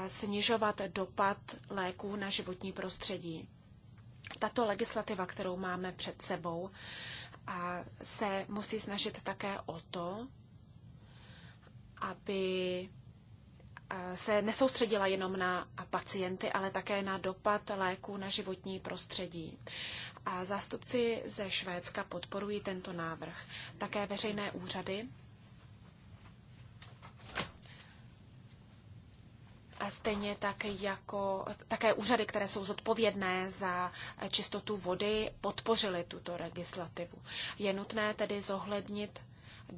Speaker 3: snižovat dopad léků na životní prostředí. Tato legislativa, kterou máme před sebou, se musí snažit také o to, aby se nesoustředila jenom na pacienty, ale také na dopad léků na životní prostředí. A zástupci ze Švédska podporují tento návrh. Také veřejné úřady a stejně tak jako také úřady, které jsou zodpovědné za čistotu vody, podpořily tuto legislativu. Je nutné tedy zohlednit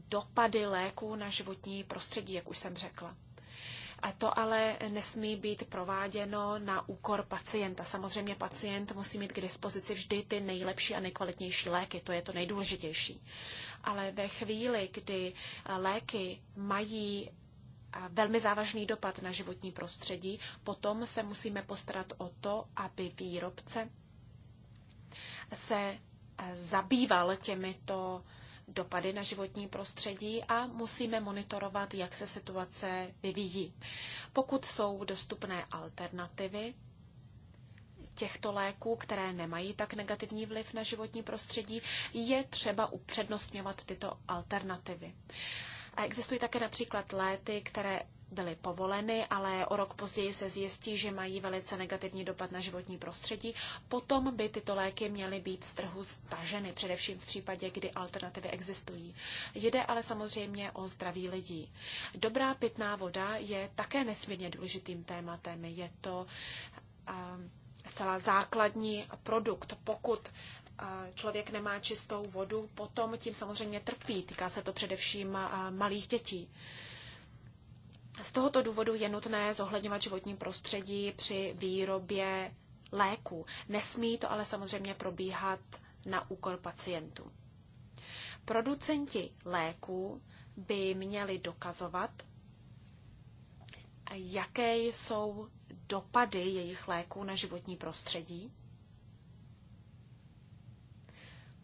Speaker 3: dopady léků na životní prostředí, jak už jsem řekla. A to ale nesmí být prováděno na úkor pacienta. Samozřejmě pacient musí mít k dispozici vždy ty nejlepší a nejkvalitnější léky, to je to nejdůležitější. Ale ve chvíli, kdy léky mají velmi závažný dopad na životní prostředí, potom se musíme postarat o to, aby výrobce se zabýval těmito dopady na životní prostředí a musíme monitorovat, jak se situace vyvíjí. Pokud jsou dostupné alternativy těchto léků, které nemají tak negativní vliv na životní prostředí, je třeba upřednostňovat tyto alternativy. A existují také například léty, které byly povoleny, ale o rok později se zjistí, že mají velice negativní dopad na životní prostředí, potom by tyto léky měly být z trhu staženy, především v případě, kdy alternativy existují. Jde ale samozřejmě o zdraví lidí. Dobrá pitná voda je také nesmírně důležitým tématem. Je to zcela základní produkt. Pokud člověk nemá čistou vodu, potom tím samozřejmě trpí. Týká se to především malých dětí. Z tohoto důvodu je nutné zohledňovat životní prostředí při výrobě léku. Nesmí to ale samozřejmě probíhat na úkor pacientů. Producenti léku by měli dokazovat, jaké jsou dopady jejich léků na životní prostředí,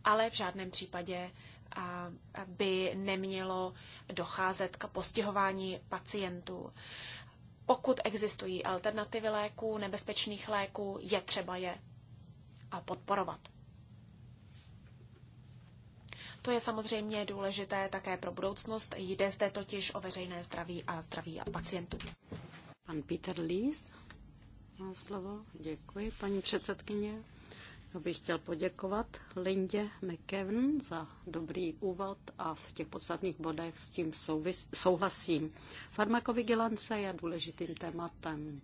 Speaker 3: ale v žádném případě by nemělo docházet k postihování pacientů. Pokud existují alternativy léků, nebezpečných léků, je třeba je podporovat. To je samozřejmě důležité také pro budoucnost. Jde zde totiž o veřejné zdraví a zdraví a pacientů. Pan
Speaker 2: Peter Lees má slovo. Děkuji, paní předsedkyně. Já bych chtěl poděkovat Lindě McKevn za dobrý úvod a v těch podstatných bodech s tím souvis- souhlasím. Farmakovigilance je důležitým tématem,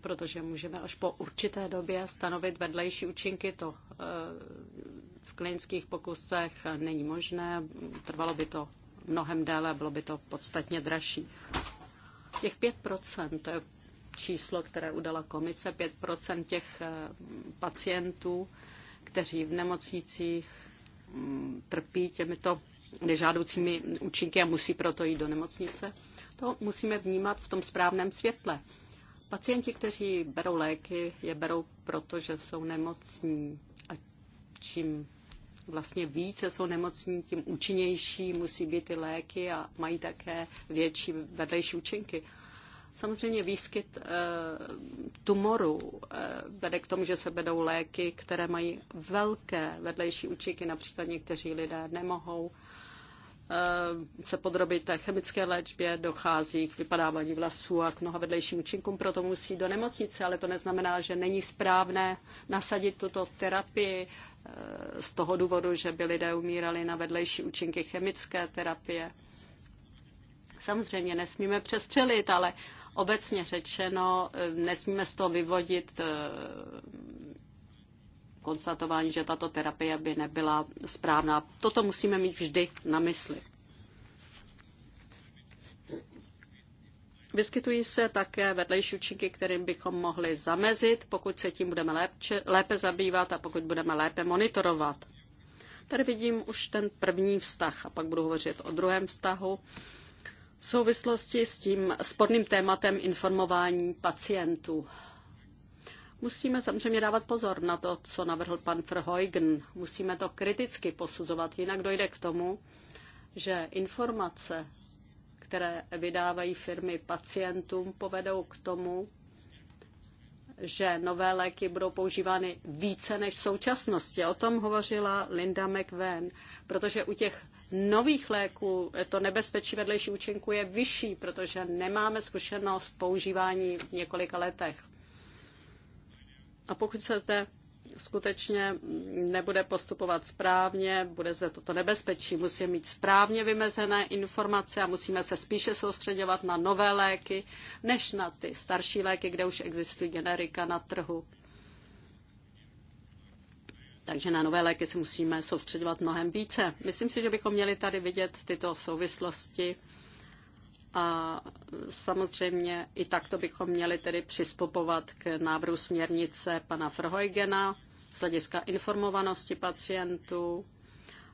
Speaker 2: protože můžeme až po určité době stanovit vedlejší účinky. To eh, v klinických pokusech není možné, trvalo by to mnohem déle, bylo by to podstatně dražší. Těch 5% číslo, které udala komise, 5 těch eh, pacientů, kteří v nemocnicích mm, trpí těmito nežádoucími účinky a musí proto jít do nemocnice. To musíme vnímat v tom správném světle. Pacienti, kteří berou léky, je berou proto, že jsou nemocní. A čím vlastně více jsou nemocní, tím účinnější musí být ty léky a mají také větší vedlejší účinky. Samozřejmě výskyt eh, tumoru eh, vede k tomu, že se vedou léky, které mají velké vedlejší účinky. Například někteří lidé nemohou eh, se podrobit té chemické léčbě, dochází k vypadávání vlasů a k mnoha vedlejším účinkům, proto musí do nemocnice, ale to neznamená, že není správné nasadit tuto terapii z toho důvodu, že by lidé umírali na vedlejší účinky chemické terapie. Samozřejmě nesmíme přestřelit, ale Obecně řečeno, eh, nesmíme z toho vyvodit eh, konstatování, že tato terapie by nebyla správná. Toto musíme mít vždy na mysli. Vyskytují se také vedlejší účinky, kterým bychom mohli zamezit, pokud se tím budeme lépe, lépe zabývat a pokud budeme lépe monitorovat. Tady vidím už ten první vztah a pak budu hovořit o druhém vztahu v souvislosti s tím sporným tématem informování pacientů. Musíme samozřejmě dávat pozor na to, co navrhl pan Verheugen. Musíme to kriticky posuzovat, jinak dojde k tomu, že informace, které vydávají firmy pacientům, povedou k tomu, že nové léky budou používány více než v současnosti. O tom hovořila Linda McVen, protože u těch nových léků to nebezpečí vedlejší účinku je vyšší, protože nemáme zkušenost používání v několika letech. A pokud se zde skutečně nebude postupovat správně, bude zde toto nebezpečí. Musíme mít správně vymezené informace a musíme se spíše soustředovat na nové léky, než na ty starší léky, kde už existují generika na trhu. Takže na nové léky se musíme soustředovat mnohem více. Myslím si, že bychom měli tady vidět tyto souvislosti a samozřejmě i takto bychom měli tedy přistupovat k návrhu směrnice pana Frhojgena z hlediska informovanosti pacientů.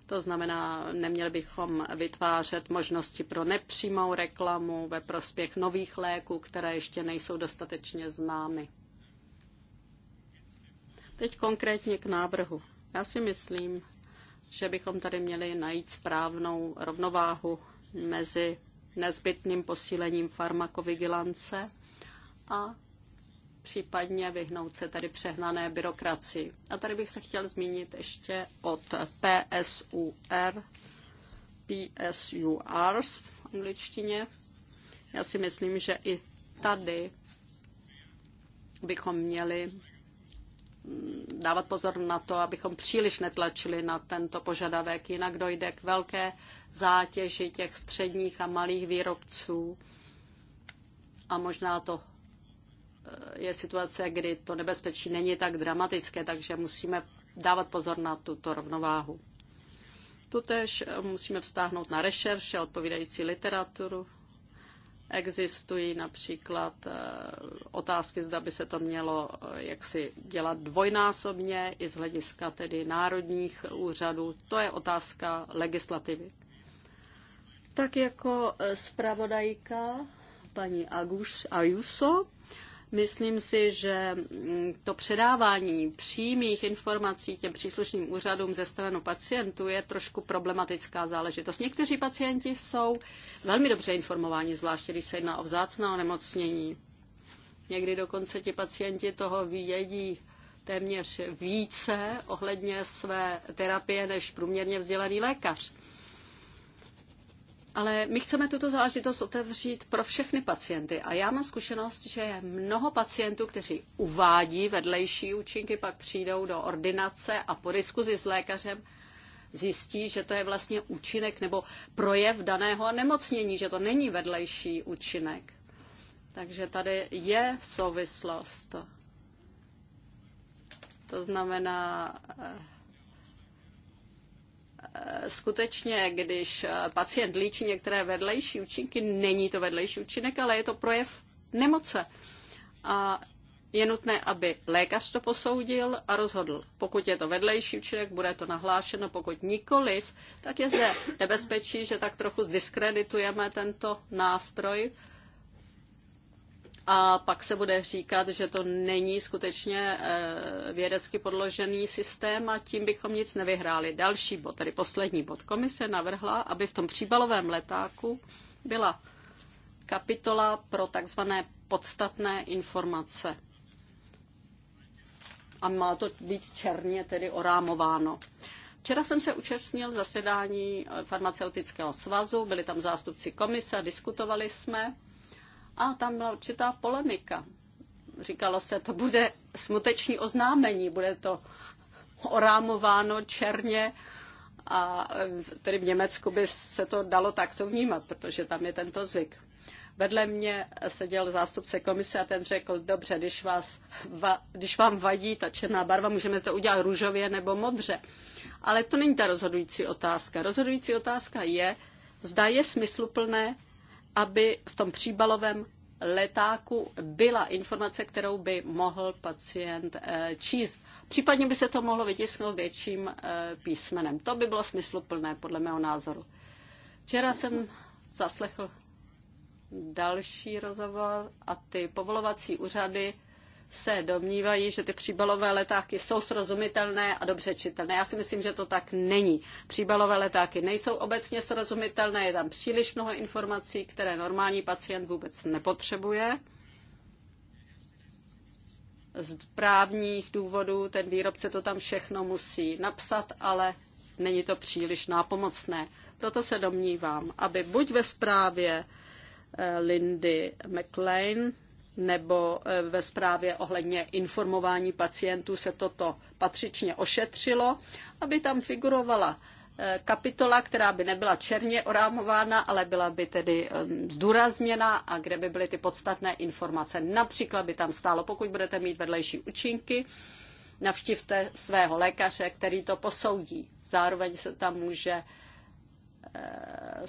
Speaker 2: To znamená, neměli bychom vytvářet možnosti pro nepřímou reklamu ve prospěch nových léků, které ještě nejsou dostatečně známy. Teď konkrétně k návrhu. Já si myslím, že bychom tady měli najít správnou rovnováhu mezi nezbytným posílením farmakovigilance a případně vyhnout se tady přehnané byrokracii. A tady bych se chtěl zmínit ještě od PSUR, PSURs v angličtině. Já si myslím, že i tady bychom měli dávat pozor na to, abychom příliš netlačili na tento požadavek, jinak dojde k velké zátěži těch středních a malých výrobců a možná to eh, je situace, kdy to nebezpečí není tak dramatické, takže musíme dávat pozor na tuto rovnováhu. Tutež eh, musíme vztáhnout na rešerše, odpovídající literaturu, Existují například eh, otázky, zda by se to mělo eh, jaksi dělat dvojnásobně i z hlediska tedy národních úřadů. To je otázka legislativy. Tak jako eh, zpravodajka paní Aguš Ayuso Myslím si, že mm, to předávání přímých informací těm příslušným úřadům ze strany pacientů je trošku problematická záležitost. Někteří pacienti jsou velmi dobře informováni, zvláště když se jedná o vzácná onemocnění. Někdy dokonce ti pacienti toho vědí téměř více ohledně své terapie než průměrně vzdělaný lékař ale my chceme tuto záležitost otevřít pro všechny pacienty. A já mám zkušenost, že je mnoho pacientů, kteří uvádí vedlejší účinky, pak přijdou do ordinace a po diskuzi s lékařem zjistí, že to je vlastně účinek nebo projev daného nemocnění, že to není vedlejší účinek. Takže tady je souvislost. To znamená, eh, Eh, skutečně, když eh, pacient líčí některé vedlejší účinky, není to vedlejší účinek, ale je to projev nemoce. A je nutné, aby lékař to posoudil a rozhodl. Pokud je to vedlejší účinek, bude to nahlášeno, pokud nikoliv, tak je zde nebezpečí, že tak trochu zdiskreditujeme tento nástroj, a pak se bude říkat, že to není skutečně eh, vědecky podložený systém a tím bychom nic nevyhráli. Další bod, tedy poslední bod. Komise navrhla, aby v tom příbalovém letáku byla kapitola pro takzvané podstatné informace. A má to být černě tedy orámováno. Včera jsem se účastnil zasedání eh, farmaceutického svazu, byli tam zástupci komise, diskutovali jsme a tam byla určitá polemika. Říkalo se, to bude smuteční oznámení, bude to orámováno černě a tedy v Německu by se to dalo takto vnímat, protože tam je tento zvyk. Vedle mě seděl zástupce komise a ten řekl, dobře, když, vás, va, když vám vadí ta černá barva, můžeme to udělat růžově nebo modře. Ale to není ta rozhodující otázka. Rozhodující otázka je, zda je smysluplné aby v tom příbalovém letáku byla informace, kterou by mohl pacient eh, číst. Případně by se to mohlo vytisknout větším eh, písmenem. To by bylo smysluplné, podle mého názoru. Včera jsem zaslechl další rozhovor a ty povolovací úřady se domnívají, že ty příbalové letáky jsou srozumitelné a dobře čitelné. Já si myslím, že to tak není. Příbalové letáky nejsou obecně srozumitelné, je tam příliš mnoho informací, které normální pacient vůbec nepotřebuje. Z právních důvodů ten výrobce to tam všechno musí napsat, ale není to příliš nápomocné. Proto se domnívám, aby buď ve zprávě eh, Lindy McLean nebo eh, ve zprávě ohledně informování pacientů se toto patřičně ošetřilo, aby tam figurovala eh, kapitola, která by nebyla černě orámována, ale byla by tedy eh, zdůrazněna a kde by byly ty podstatné informace. Například by tam stálo, pokud budete mít vedlejší účinky, navštivte svého lékaře, který to posoudí. Zároveň se tam může Eh,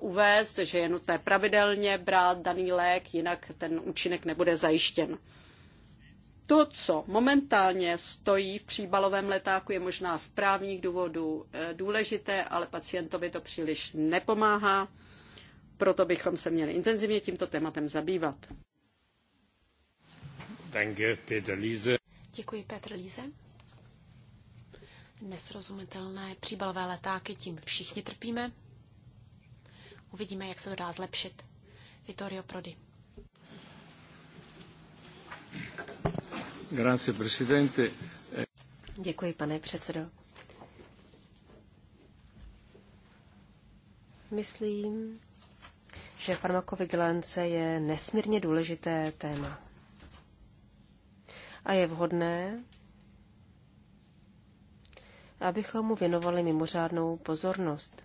Speaker 2: uvést, že je nutné pravidelně brát daný lék, jinak ten účinek nebude zajištěn. To, co momentálně stojí v příbalovém letáku, je možná z právních důvodů eh, důležité, ale pacientovi to příliš nepomáhá. Proto bychom se měli intenzivně tímto tématem zabývat.
Speaker 3: Děkuji, Petr Líze nesrozumitelné příbalové letáky, tím všichni trpíme. Uvidíme, jak se to dá
Speaker 1: zlepšit. Vittorio Prodi.
Speaker 2: Grazie, presidente.
Speaker 1: Děkuji, pane předsedo. Myslím, že farmakovigilance je nesmírně důležité téma. A je vhodné, abychom mu věnovali mimořádnou pozornost.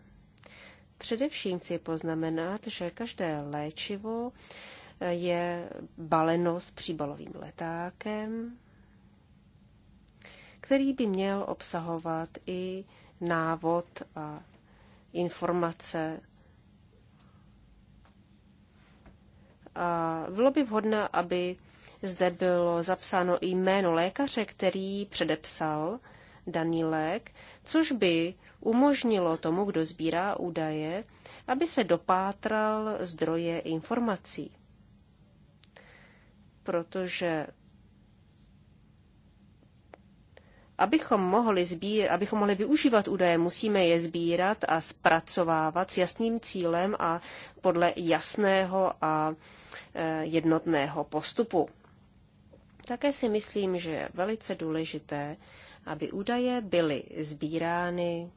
Speaker 1: Především chci poznamenat, že každé léčivo eh, je baleno s příbalovým letákem, který by měl obsahovat i návod a informace. A bylo by vhodné, aby zde bylo zapsáno i jméno lékaře, který předepsal daný lék, což by umožnilo tomu, kdo sbírá údaje, aby se dopátral zdroje informací. Protože Abychom mohli, sbír, abychom mohli využívat údaje, musíme je sbírat a zpracovávat s jasným cílem a podle jasného a e, jednotného postupu. Také si myslím, že je velice důležité, aby údaje byly sbírány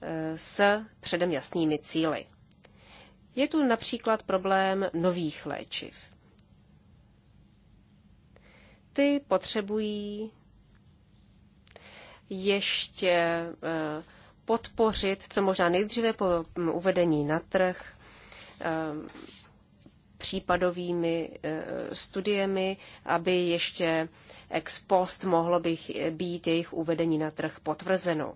Speaker 1: eh, s předem jasnými cíly. Je tu například problém nových léčiv. Ty potřebují ještě eh, podpořit, co možná nejdříve po mm, uvedení na trh, eh, případovými eh, studiemi, aby ještě ex post mohlo bych eh, být jejich uvedení na trh potvrzeno.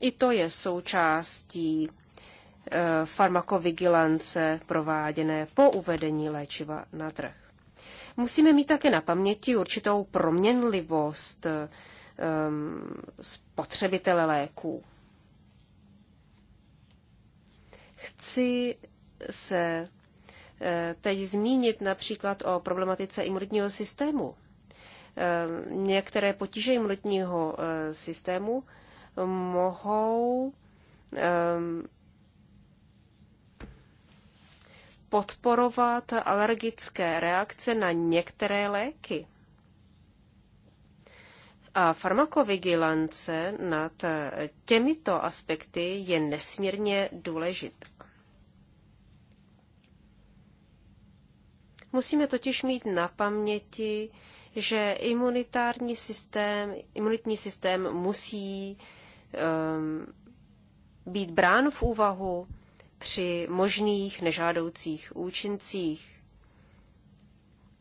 Speaker 1: I to je součástí eh, farmakovigilance prováděné po uvedení léčiva na trh. Musíme mít také na paměti určitou proměnlivost Um, spotřebitele léků. Chci se eh, teď zmínit například o problematice imunitního systému. Eh, některé potíže imunitního eh, systému mohou podporovat alergické reakce na některé léky. A farmakovigilance nad těmito aspekty je nesmírně důležitá. Musíme totiž mít na paměti, že imunitární systém, imunitní systém musí um, být brán v úvahu při možných nežádoucích účincích.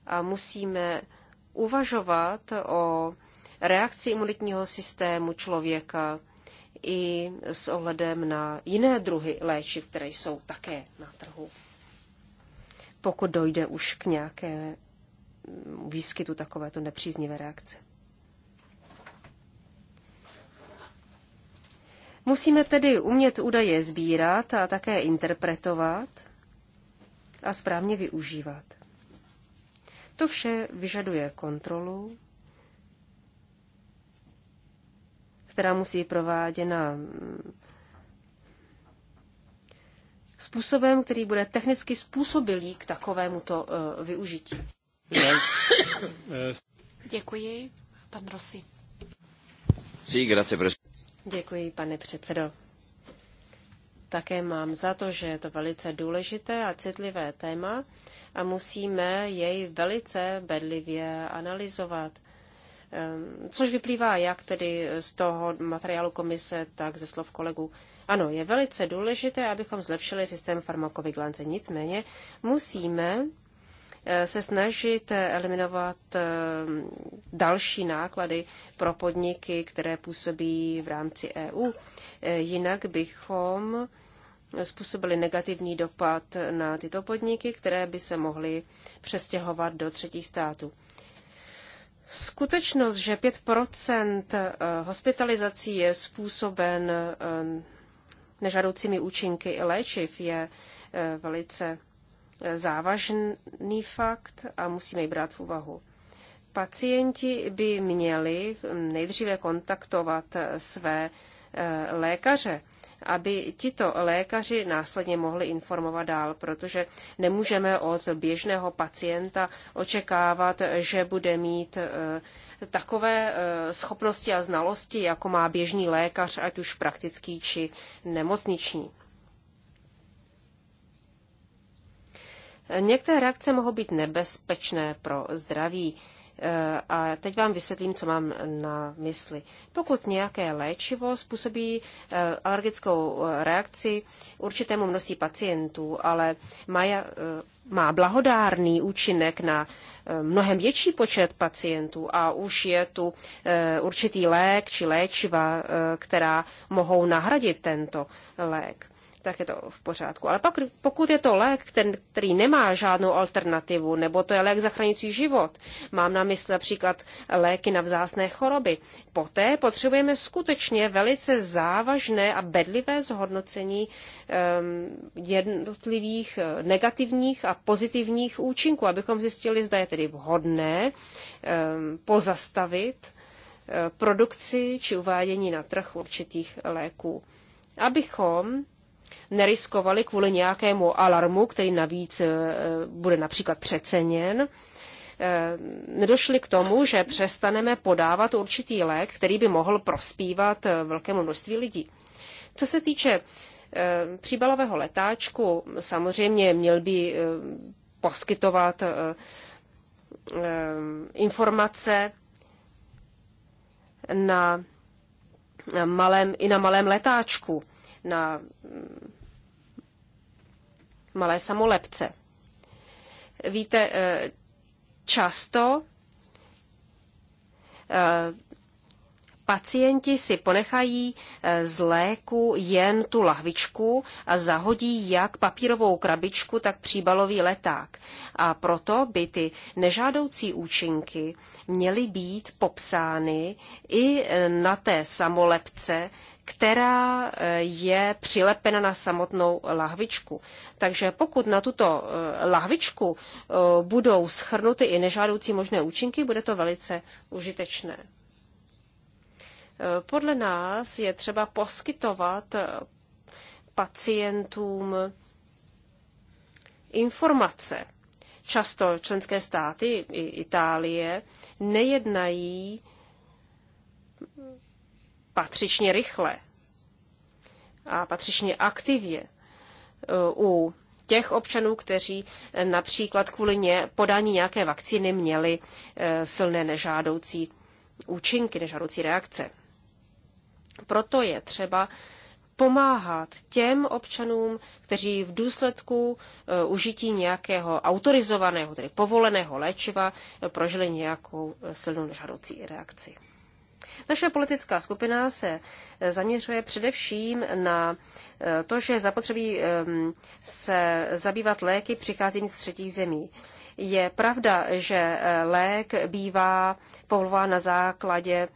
Speaker 1: A musíme uvažovat o reakci imunitního systému člověka i s ohledem na jiné druhy léčiv, které jsou také na trhu. Pokud dojde už k nějaké mm, výskytu takovéto nepříznivé reakce. Musíme tedy umět údaje sbírat a také interpretovat a správně využívat. To vše vyžaduje kontrolu, která musí prováděna mm, způsobem, který bude technicky způsobilý k takovémuto eh, využití. Děkuji, pan Rossi. Děkuji, pane předsedo. Také mám za to, že je to velice důležité a citlivé téma a musíme jej velice bedlivě analyzovat. Ehm, což vyplývá jak tedy z toho materiálu komise, tak ze slov kolegů. Ano, je velice důležité, abychom zlepšili systém farmakovigilance. Nicméně musíme e, se snažit eliminovat e, další náklady pro podniky, které působí v rámci EU. E, jinak bychom způsobili negativní dopad na tyto podniky, které by se mohly přestěhovat do třetích států. Skutečnost, že 5 eh, hospitalizací je způsoben eh, nežadoucími účinky léčiv, je eh, velice závažný fakt a musíme ji brát v úvahu. Pacienti by měli hm, nejdříve kontaktovat své lékaře aby tito lékaři následně mohli informovat dál, protože nemůžeme od běžného pacienta očekávat, že bude mít eh, takové eh, schopnosti a znalosti, jako má běžný lékař, ať už praktický či nemocniční. Některé reakce mohou být nebezpečné pro zdraví. Eh, a teď vám vysvětlím, co mám na mysli. Pokud nějaké léčivo způsobí eh, alergickou eh, reakci určitému množství pacientů, ale má, má blahodárný účinek na mnohem větší počet pacientů a už je tu určitý lék či léčiva, která mohou nahradit tento lék tak je to v pořádku. Ale pak, pokud je to lék, ten, který nemá žádnou alternativu, nebo to je lék zachraňující život, mám na mysli například léky na vzácné choroby, poté potřebujeme skutečně velice závažné a bedlivé zhodnocení um, jednotlivých eh, negativních a pozitivních účinků, abychom zjistili, zda je tedy vhodné um, pozastavit eh, produkci či uvádění na trh určitých léků abychom neriskovali kvůli nějakému alarmu, který navíc eh, bude například přeceněn, eh, nedošli k tomu, že přestaneme podávat určitý lék, který by mohl prospívat eh, velkému množství lidí. Co se týče příbalového letáčku, samozřejmě měl by poskytovat informace na malém, i na malém letáčku na malé samolepce. Víte, eh, často eh, pacienti si ponechají eh, z léku jen tu lahvičku a zahodí jak papírovou krabičku, tak příbalový leták. A proto by ty nežádoucí účinky měly být popsány i na té samolepce která eh, je přilepena na samotnou lahvičku. Takže pokud na tuto eh, lahvičku eh, budou schrnuty i nežádoucí možné účinky, bude to velice užitečné. Podle nás je třeba poskytovat pacientům informace. Často členské státy, i Itálie, nejednají patřičně rychle a patřičně aktivně e, u těch občanů, kteří e, například kvůli ně podání nějaké vakcíny měli e, silné nežádoucí účinky, nežádoucí reakce. Proto je třeba pomáhat těm občanům, kteří v důsledku užití nějakého autorizovaného, tedy povoleného léčiva, prožili nějakou silnou nežádoucí reakci. Naše politická skupina se eh, zaměřuje především na eh, to, že zapotřebí ehm, se zabývat léky přicházení z třetích zemí. Je pravda, že eh, lék bývá povolován na základě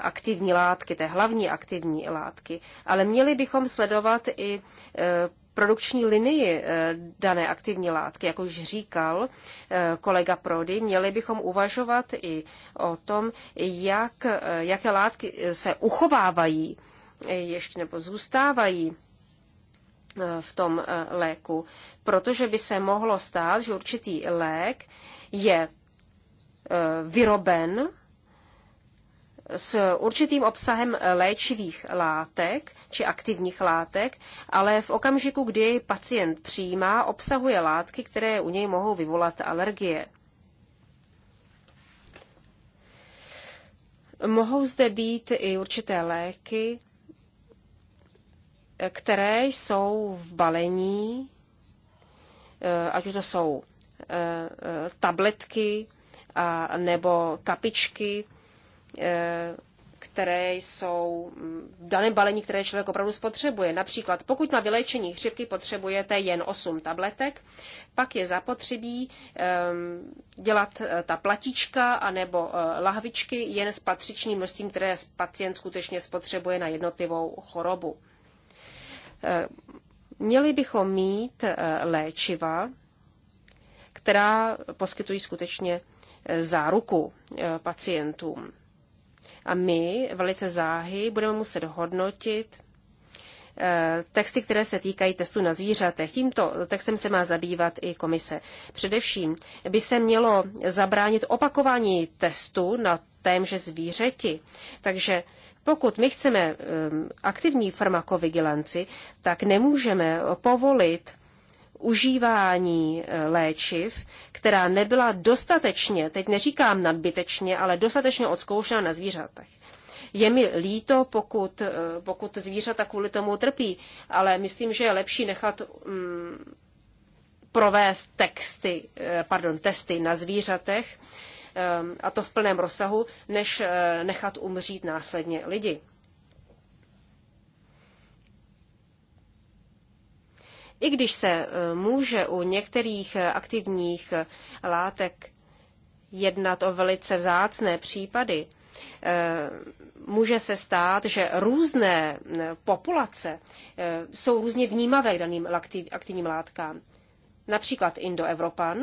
Speaker 1: aktivní látky, té hlavní aktivní látky, ale měli bychom sledovat i produkční linii eh, dané aktivní látky, jak už říkal eh, kolega Prody, měli bychom uvažovat i o tom, jak, eh, jaké látky se uchovávají ještě nebo zůstávají v tom léku, protože by se mohlo stát, že určitý lék je vyroben s určitým obsahem léčivých látek či aktivních látek, ale v okamžiku, kdy pacient přijímá, obsahuje látky, které u něj mohou vyvolat alergie. Mohou zde být i určité léky, které jsou v balení, eh, ať už to jsou eh, eh, tabletky a nebo kapičky, Eh, které jsou mm, v daném balení, které člověk opravdu spotřebuje. Například pokud na vyléčení chřipky potřebujete jen 8 tabletek, pak je zapotřebí ehm, dělat eh, ta platička anebo eh, lahvičky jen s patřičným množstvím, které pacient skutečně spotřebuje na jednotlivou chorobu. Měli bychom mít léčiva, která poskytují skutečně záruku pacientům. A my velice záhy budeme muset hodnotit eh, texty, které se týkají testů na zvířatech. Tímto textem se má zabývat i komise. Především by se mělo zabránit opakování testu na témže zvířeti. Takže pokud my chceme eh, aktivní farmakovigilanci, tak nemůžeme povolit užívání e, léčiv, která nebyla dostatečně, teď neříkám nadbytečně, ale dostatečně odzkoušena na zvířatech. Je mi líto, pokud, e, pokud zvířata kvůli tomu trpí, ale myslím, že je lepší nechat mm, provést texty, e, pardon, testy na zvířatech, a to v plném rozsahu, než nechat umřít následně lidi. I když se eh, může u některých eh, aktivních eh, látek jednat o velice vzácné případy, může se stát, že různé populace jsou různě vnímavé k daným aktivním látkám. Například Indoevropan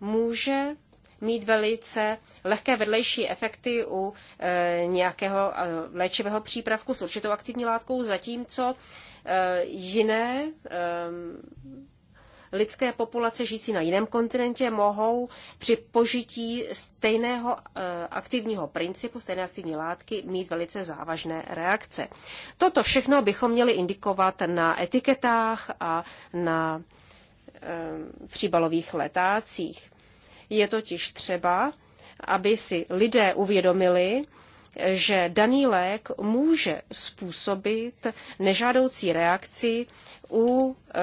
Speaker 1: může mít velice lehké vedlejší efekty u e, nějakého e, léčivého přípravku s určitou aktivní látkou, zatímco e, jiné lidské populace žijící na jiném kontinentě mohou při požití stejného aktivního principu, stejné aktivní látky mít velice závažné reakce. Toto všechno bychom měli indikovat na etiketách a na příbalových letácích. Je totiž třeba, aby si lidé uvědomili, že daný lék může způsobit nežádoucí reakci u e,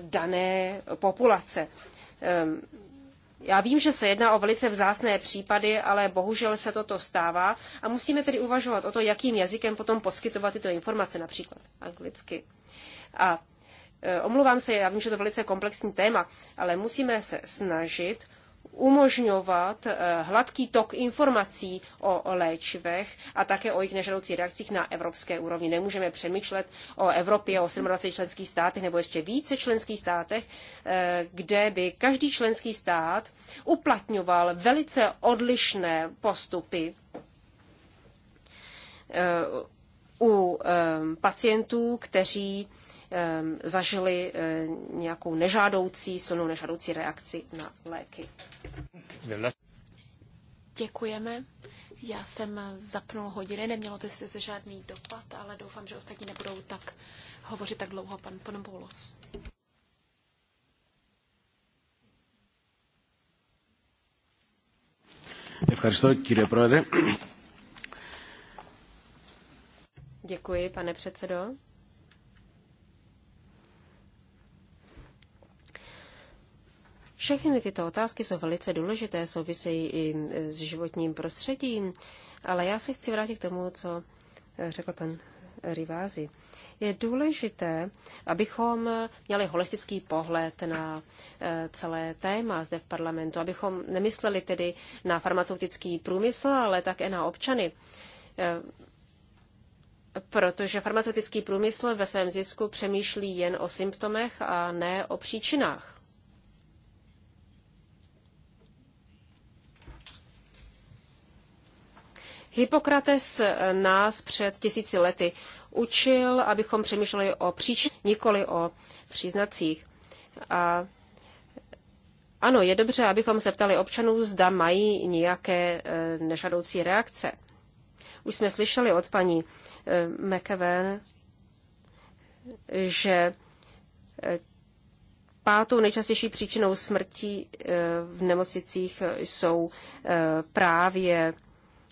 Speaker 1: dané populace. E, já vím, že se jedná o velice vzácné případy, ale bohužel se toto stává a musíme tedy uvažovat o to, jakým jazykem potom poskytovat tyto informace, například anglicky. A e, omluvám se, já vím, že to je velice komplexní téma, ale musíme se snažit umožňovat eh, hladký tok informací o léčivech a také o jejich nežadoucích reakcích na evropské úrovni. Nemůžeme přemýšlet o Evropě, o 27 členských státech nebo ještě více členských státech, eh, kde by každý členský stát uplatňoval velice odlišné postupy eh, u pacientů, kteří zažili eh, nějakou nežádoucí, silnou nežádoucí reakci na léky.
Speaker 3: Děkujeme. Já jsem zapnul hodiny, nemělo to sice žádný dopad, ale doufám, že ostatní nebudou tak hovořit tak dlouho, pan Ponoboulos.
Speaker 1: Děkuji, pane předsedo. Všechny tyto otázky jsou velice důležité, souvisejí i e, s životním prostředím, ale já se chci vrátit k tomu, co e, řekl pan Rivázi. Je důležité, abychom měli holistický pohled na e, celé téma zde v parlamentu, abychom nemysleli tedy na farmaceutický průmysl, ale také na občany protože farmaceutický průmysl ve svém zisku přemýšlí jen o symptomech a ne o příčinách. Hippokrates nás před tisíci lety učil, abychom přemýšleli o příčinách, nikoli o příznacích. A ano, je dobře, abychom se ptali občanů, zda mají nějaké e, nežadoucí reakce. Už jsme slyšeli od paní e, McEwen, že e, pátou nejčastější příčinou smrti v nemocnicích jsou právě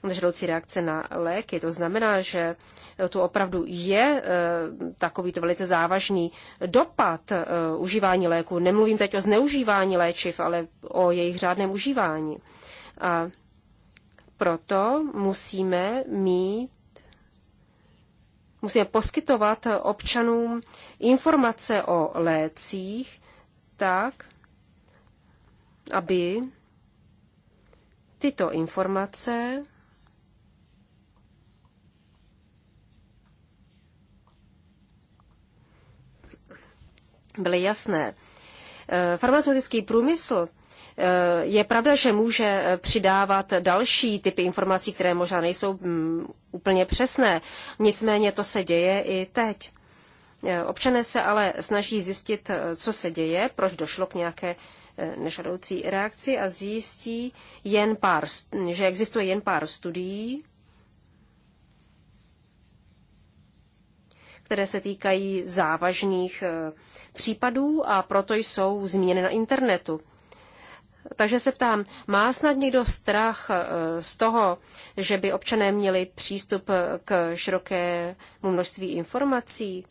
Speaker 1: žroucí reakce na léky. To znamená, že tu opravdu je eh, takovýto velice závažný dopad eh, užívání léku. Nemluvím teď o zneužívání léčiv, ale o jejich řádném užívání. A proto musíme mít musíme poskytovat občanům informace o lécích tak, aby tyto informace byly jasné. E, farmaceutický průmysl e, je pravda, že může e, přidávat další typy informací, které možná nejsou mm, úplně přesné. Nicméně to se děje i teď. Občané se ale snaží zjistit, co se děje, proč došlo k nějaké nežadoucí reakci a zjistí jen pár, že existuje jen pár studií, které se týkají závažných eh, případů a proto jsou zmíněny na internetu. Takže se ptám, má snad někdo strach eh, z toho, že by občané měli přístup eh, k širokému množství informací?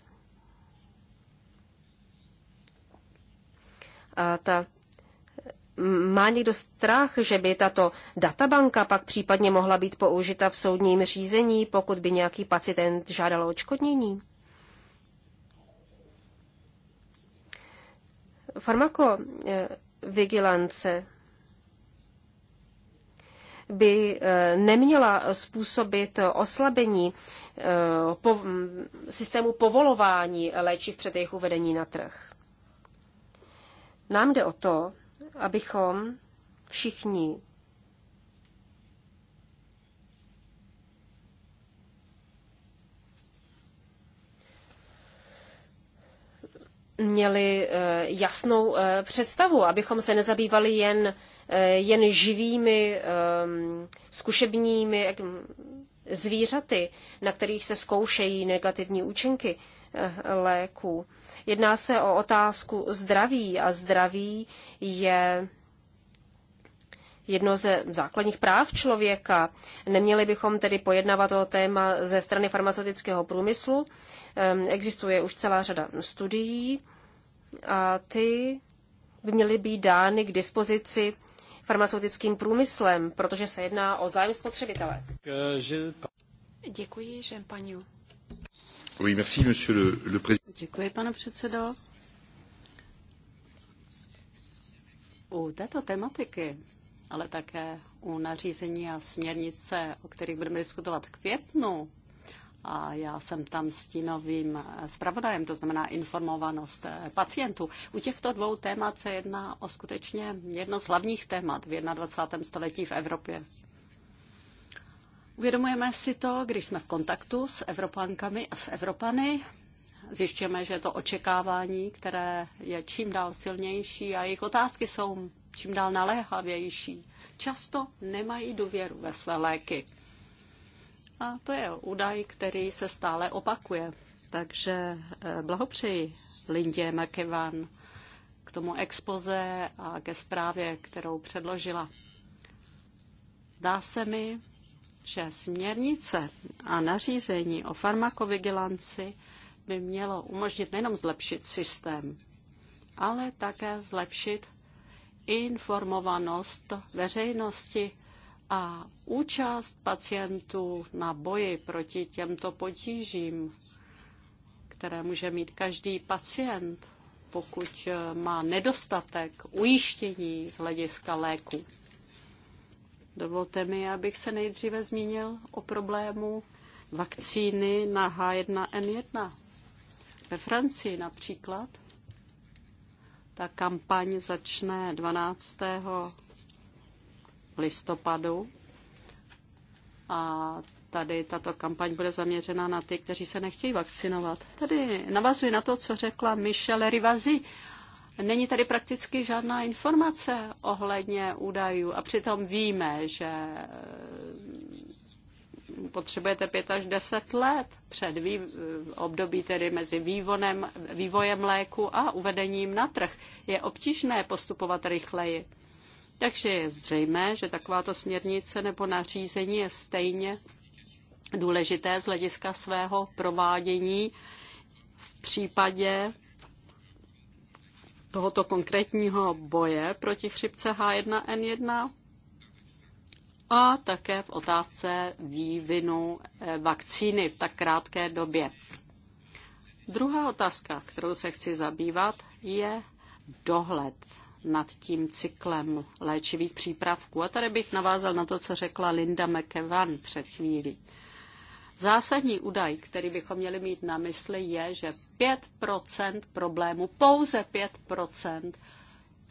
Speaker 1: A ta, má někdo strach, že by tato databanka pak případně mohla být použita v soudním řízení, pokud by nějaký pacient žádal o odškodnění? farmakovigilance by eh, neměla způsobit oslabení eh, systému povolování léčiv před jejich uvedení na trh. Nám jde o to, abychom všichni měli eh, jasnou eh, představu, abychom se nezabývali jen, eh, jen živými zkušebními zvířaty, na kterých se zkoušejí negativní účinky léků. Jedná se o otázku zdraví a zdraví je jedno ze základních práv člověka. Neměli bychom tedy pojednávat o téma ze strany farmaceutického průmyslu. Ehm, existuje už celá řada studií a ty by měly být dány k dispozici farmaceutickým průmyslem, protože se jedná o zájem spotřebitele. Děkuji, že paní.
Speaker 2: Oui, merci, monsieur le, le président.
Speaker 3: Děkuji, pane předsedo.
Speaker 2: U této tematiky ale také u nařízení a směrnice, o kterých budeme diskutovat k květnu, a já jsem tam stínovým zpravodajem, to znamená informovanost pacientů. U těchto dvou témat se jedná o skutečně jedno z hlavních témat v 21. století v Evropě. Uvědomujeme si to, když jsme v kontaktu s Evropankami a s Evropany. Zjišťujeme, že je to očekávání, které je čím dál silnější a jejich otázky jsou čím dál naléhavější, často nemají důvěru ve své léky. A to je údaj, který se stále opakuje. Takže eh, blahopřeji Lindě McEvan k tomu expoze a ke zprávě, kterou předložila. Dá se mi, že směrnice a nařízení o farmakovigilanci by mělo umožnit nejenom zlepšit systém, ale také zlepšit informovanost veřejnosti a účast pacientů na boji proti těmto potížím, které může mít každý pacient, pokud eh, má nedostatek ujištění z hlediska léku. Dovolte mi, abych se nejdříve zmínil o problému vakcíny na H1N1. Ve Francii například ta kampaň začne 12. listopadu a tady tato kampaň bude zaměřena na ty, kteří se nechtějí vakcinovat. Tady navazuji na to, co řekla Michelle Rivazi. Není tady prakticky žádná informace ohledně údajů a přitom víme, že potřebujete 5 až 10 let před vý, eh, období tedy mezi vývonem, vývojem léku a uvedením na trh. Je obtížné postupovat rychleji. Takže je zřejmé, že takováto směrnice nebo nařízení je stejně důležité z hlediska svého provádění v případě tohoto konkrétního boje proti chřipce H1N1 a také v otázce vývinu eh, vakcíny v tak krátké době. Druhá otázka, kterou se chci zabývat, je dohled nad tím cyklem léčivých přípravků. A tady bych navázal na to, co řekla Linda McEvan před chvílí. Zásadní údaj, který bychom měli mít na mysli, je, že 5 problémů, pouze 5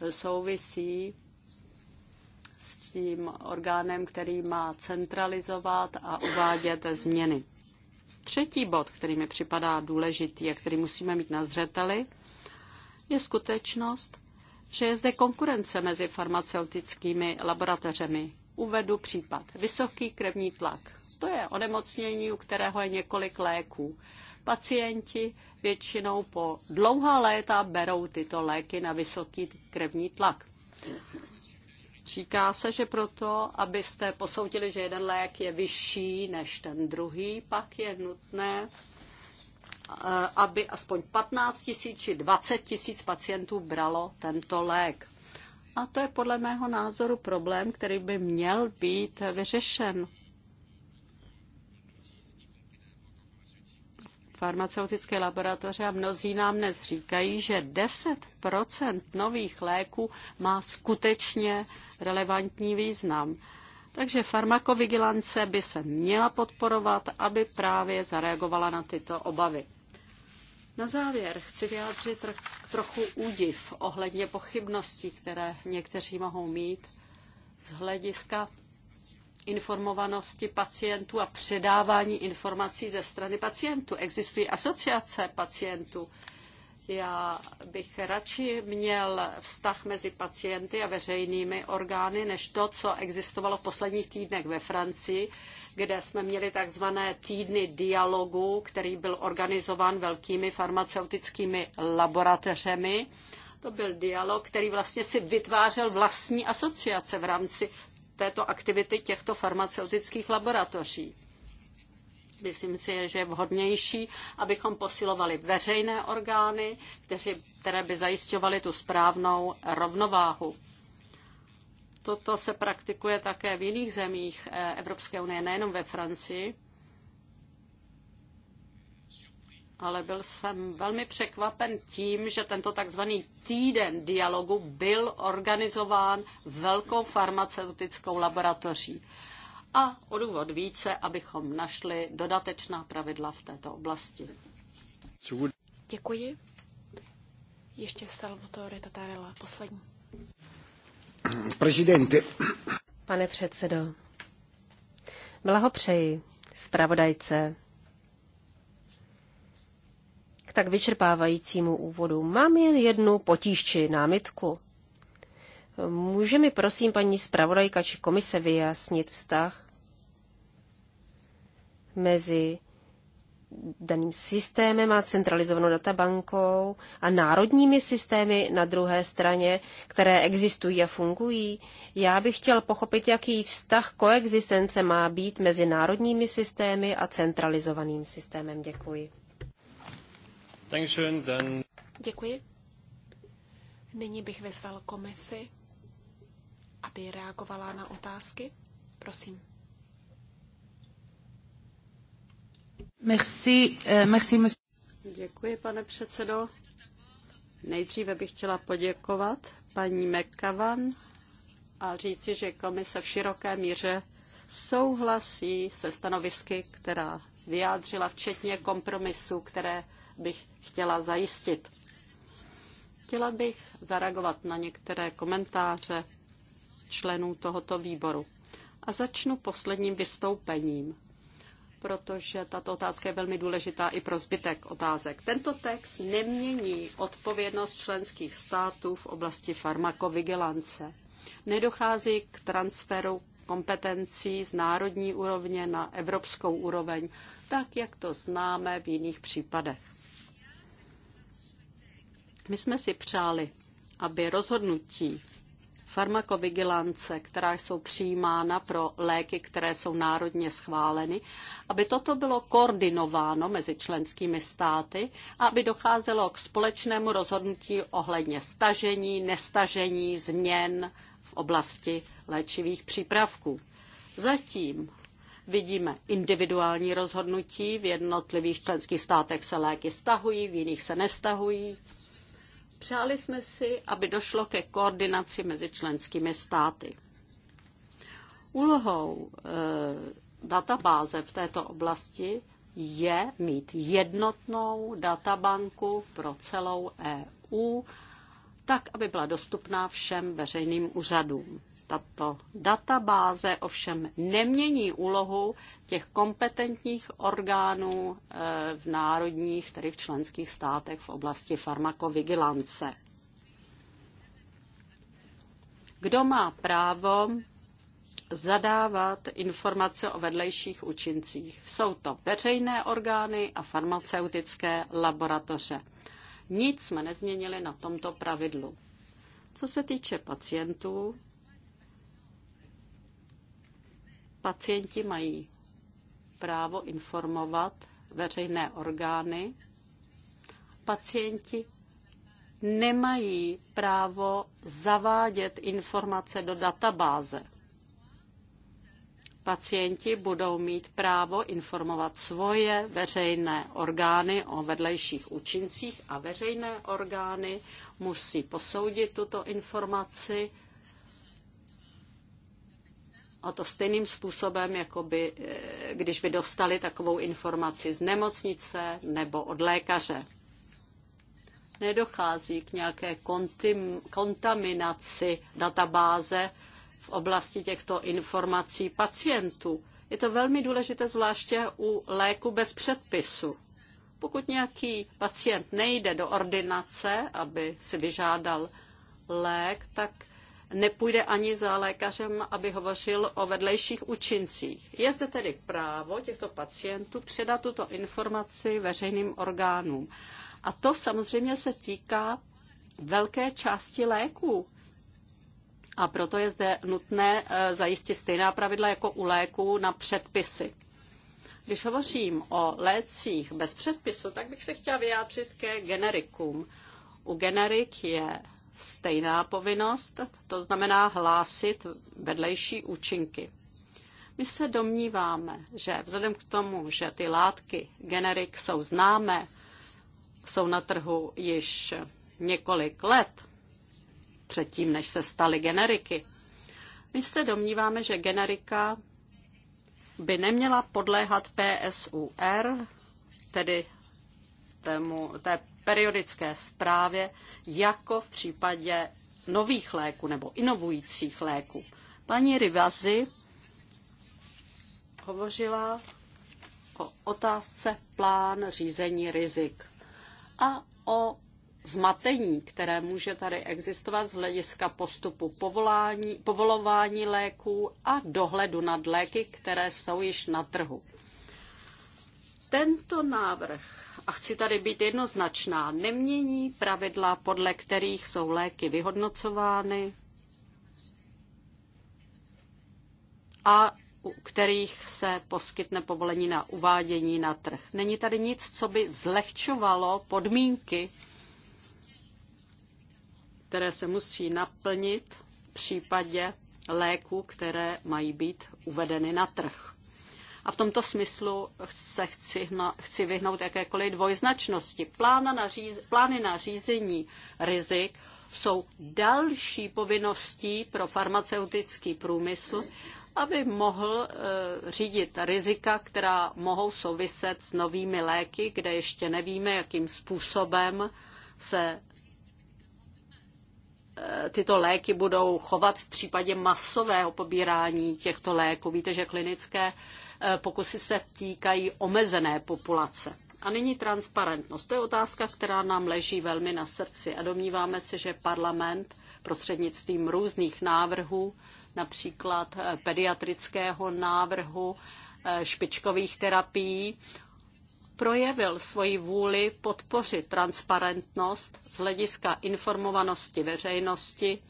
Speaker 2: souvisí s tím orgánem, který má centralizovat a uvádět změny. Třetí bod, který mi připadá důležitý a který musíme mít na zřeteli, je skutečnost, že je zde konkurence mezi farmaceutickými laboratořemi. Uvedu případ. Vysoký krevní tlak. To je onemocnění, u kterého je několik léků. Pacienti většinou po dlouhá léta berou tyto léky na vysoký krevní tlak. Říká se, že proto, abyste posoudili, že jeden lék je vyšší než ten druhý, pak je nutné, eh, aby aspoň 15 tisíc či 20 tisíc pacientů bralo tento lék. A to je podle mého názoru problém, který by měl být vyřešen. farmaceutické laboratoře a mnozí nám dnes říkají, že 10 nových léků má skutečně relevantní význam. Takže farmakovigilance by se měla podporovat, aby právě zareagovala na tyto obavy. Na závěr chci vyjádřit trochu údiv ohledně pochybností, které někteří mohou mít z hlediska informovanosti pacientů a předávání informací ze strany pacientů. Existují asociace pacientů. Já bych radši měl vztah mezi pacienty a veřejnými orgány, než to, co existovalo v posledních týdnech ve Francii, kde jsme měli takzvané týdny dialogu, který byl organizován velkými farmaceutickými laboratořemi. To byl dialog, který vlastně si vytvářel vlastní asociace v rámci této aktivity těchto farmaceutických laboratoří. Myslím si, že je vhodnější, abychom posilovali veřejné orgány, kteři, které by zajišťovaly tu správnou rovnováhu. Toto se praktikuje také v jiných zemích eh, Evropské unie, nejenom ve Francii. ale byl jsem velmi překvapen tím, že tento takzvaný týden dialogu byl organizován velkou farmaceutickou laboratoří. A o důvod více, abychom našli dodatečná pravidla v této oblasti.
Speaker 3: Děkuji. Ještě Salvatore Tatarella, poslední.
Speaker 1: Prezidente. Pane předsedo, blahopřeji zpravodajce k tak vyčerpávajícímu úvodu. Mám jen jednu potíž či námitku. Může mi prosím paní zpravodajka či komise vyjasnit vztah mezi daným systémem a centralizovanou databankou a národními systémy na druhé straně, které existují a fungují. Já bych chtěl pochopit, jaký vztah koexistence má být mezi národními systémy a centralizovaným systémem. Děkuji.
Speaker 3: Děkuji. Nyní bych vyzval komisi, aby reagovala na otázky. Prosím.
Speaker 2: Merci, eh, merci, Děkuji, pane předsedo. Nejdříve bych chtěla poděkovat paní McCavan a říci, že komise v široké míře souhlasí se stanovisky, která vyjádřila, včetně kompromisu, které bych chtěla zajistit. Chtěla bych zareagovat na některé komentáře členů tohoto výboru. A začnu posledním vystoupením, protože tato otázka je velmi důležitá i pro zbytek otázek. Tento text nemění odpovědnost členských států v oblasti farmakovigilance. Nedochází k transferu kompetencí z národní úrovně na evropskou úroveň, tak jak to známe v jiných případech. My jsme si přáli, aby rozhodnutí farmakovigilance, která jsou přijímána pro léky, které jsou národně schváleny, aby toto bylo koordinováno mezi členskými státy a aby docházelo k společnému rozhodnutí ohledně stažení, nestažení, změn v oblasti léčivých přípravků. Zatím vidíme individuální rozhodnutí, v jednotlivých členských státech se léky stahují, v jiných se nestahují, Přáli jsme si, aby došlo ke koordinaci mezi členskými státy. Úlohou e, databáze v této oblasti je mít jednotnou databanku pro celou EU tak, aby byla dostupná všem veřejným úřadům. Tato databáze ovšem nemění úlohu těch kompetentních orgánů eh, v národních, tedy v členských státech v oblasti farmakovigilance. Kdo má právo zadávat informace o vedlejších účincích? Jsou to veřejné orgány a farmaceutické laboratoře. Nic jsme nezměnili na tomto pravidlu. Co se týče pacientů, pacienti mají právo informovat veřejné orgány. Pacienti nemají právo zavádět informace do databáze. Pacienti budou mít právo informovat svoje veřejné orgány o vedlejších účincích a veřejné orgány musí posoudit tuto informaci a to stejným způsobem, jako by, eh, když by dostali takovou informaci z nemocnice nebo od lékaře. Nedochází k nějaké kontaminaci databáze v oblasti těchto informací pacientů. Je to velmi důležité zvláště u léku bez předpisu. Pokud nějaký pacient nejde do ordinace, aby si vyžádal lék, tak nepůjde ani za lékařem, aby hovořil o vedlejších účincích. Je zde tedy právo těchto pacientů předat tuto informaci veřejným orgánům. A to samozřejmě se týká velké části léků, a proto je zde nutné eh, zajistit stejná pravidla jako u léků na předpisy. Když hovořím o lécích bez předpisu, tak bych se chtěla vyjádřit ke generikům. U generik je stejná povinnost, to znamená hlásit vedlejší účinky. My se domníváme, že vzhledem k tomu, že ty látky generik jsou známé, jsou na trhu již několik let, předtím, než se staly generiky. My se domníváme, že generika by neměla podléhat PSUR, tedy tému, té periodické zprávě, jako v případě nových léků nebo inovujících léků. Paní Rivazi hovořila o otázce plán řízení rizik a o zmatení, které může tady existovat z hlediska postupu povolání, povolování léků a dohledu nad léky, které jsou již na trhu. Tento návrh a chci tady být jednoznačná, nemění pravidla, podle kterých jsou léky vyhodnocovány a u kterých se poskytne povolení na uvádění na trh. Není tady nic, co by zlehčovalo podmínky které se musí naplnit v případě léků, které mají být uvedeny na trh. A v tomto smyslu se chci, chci vyhnout jakékoliv dvojznačnosti. Plána na říz, plány na řízení rizik jsou další povinností pro farmaceutický průmysl, aby mohl uh, řídit rizika, která mohou souviset s novými léky, kde ještě nevíme, jakým způsobem se Eh, tyto léky budou chovat v případě masového pobírání těchto léků. Víte, že klinické eh, pokusy se týkají omezené populace. A nyní transparentnost. To je otázka, která nám leží velmi na srdci a domníváme se, že parlament prostřednictvím různých návrhů, například eh, pediatrického návrhu, špičkových terapií, projevil svoji vůli podpořit transparentnost z hlediska informovanosti veřejnosti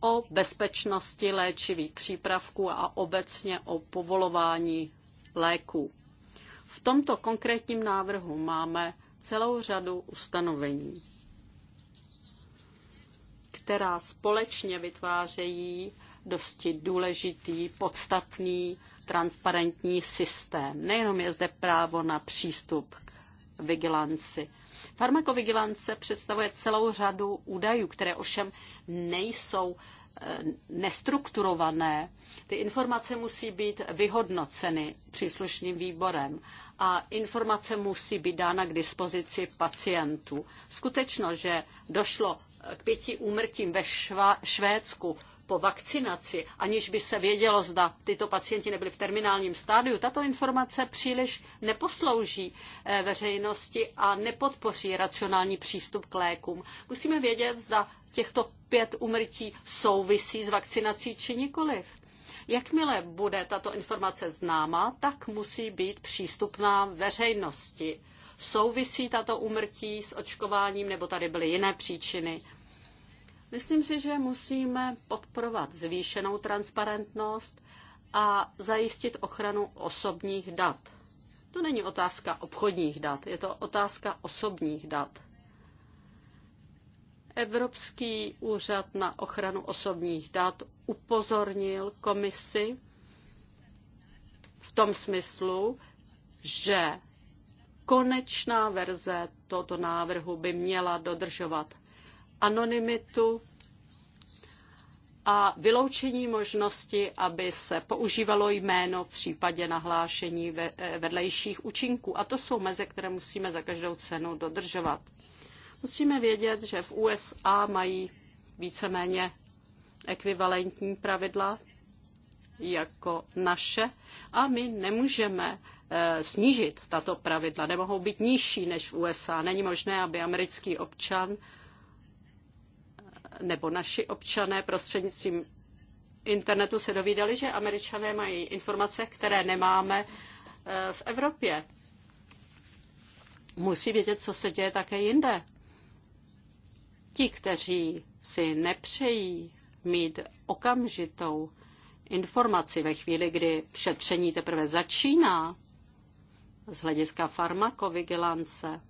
Speaker 2: o bezpečnosti léčivých přípravků a obecně o povolování léků. V tomto konkrétním návrhu máme celou řadu ustanovení, která společně vytvářejí dosti důležitý, podstatný transparentní systém. Nejenom je zde právo na přístup k vigilanci. Farmakovigilance představuje celou řadu údajů, které ovšem nejsou eh, nestrukturované. Ty informace musí být vyhodnoceny příslušným výborem a informace musí být dána k dispozici pacientů. Skutečnost, že došlo k pěti úmrtím ve Švédsku po vakcinaci, aniž by se vědělo, zda tyto pacienti nebyli v terminálním stádiu, tato informace příliš neposlouží eh, veřejnosti a nepodpoří racionální přístup k lékům. Musíme vědět, zda těchto pět umrtí souvisí s vakcinací či nikoliv. Jakmile bude tato informace známa, tak musí být přístupná veřejnosti. Souvisí tato umrtí s očkováním, nebo tady byly jiné příčiny? Myslím si, že musíme podporovat zvýšenou transparentnost a zajistit ochranu osobních dat. To není otázka obchodních dat, je to otázka osobních dat. Evropský úřad na ochranu osobních dat upozornil komisi v tom smyslu, že konečná verze tohoto návrhu by měla dodržovat anonymitu a vyloučení možnosti, aby se používalo jméno v případě nahlášení eh, vedlejších účinků. A to jsou meze, které musíme za každou cenu dodržovat. Musíme vědět, že v USA mají víceméně ekvivalentní pravidla jako naše a my nemůžeme eh, snížit tato pravidla. Nemohou být nižší než v USA. Není možné, aby americký občan nebo naši občané prostřednictvím internetu se dovídali, že američané mají informace, které nemáme eh, v Evropě. Musí vědět, co se děje také jinde. Ti, kteří si nepřejí mít okamžitou informaci ve chvíli, kdy šetření teprve začíná z hlediska farmakovigilance,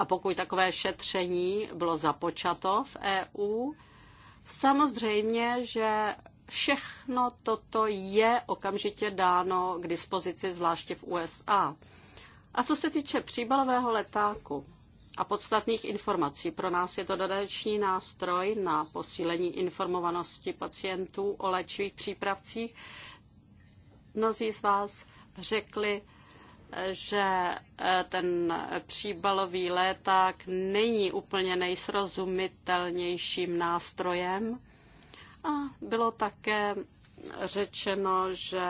Speaker 2: a pokud takové šetření bylo započato v EU, samozřejmě, že všechno toto je okamžitě dáno k dispozici, zvláště v USA. A co se týče příbalového letáku a podstatných informací, pro nás je to dodatečný nástroj na posílení informovanosti pacientů o léčivých přípravcích. Mnozí z vás řekli, že eh, ten příbalový léták není úplně nejsrozumitelnějším nástrojem. A bylo také řečeno, že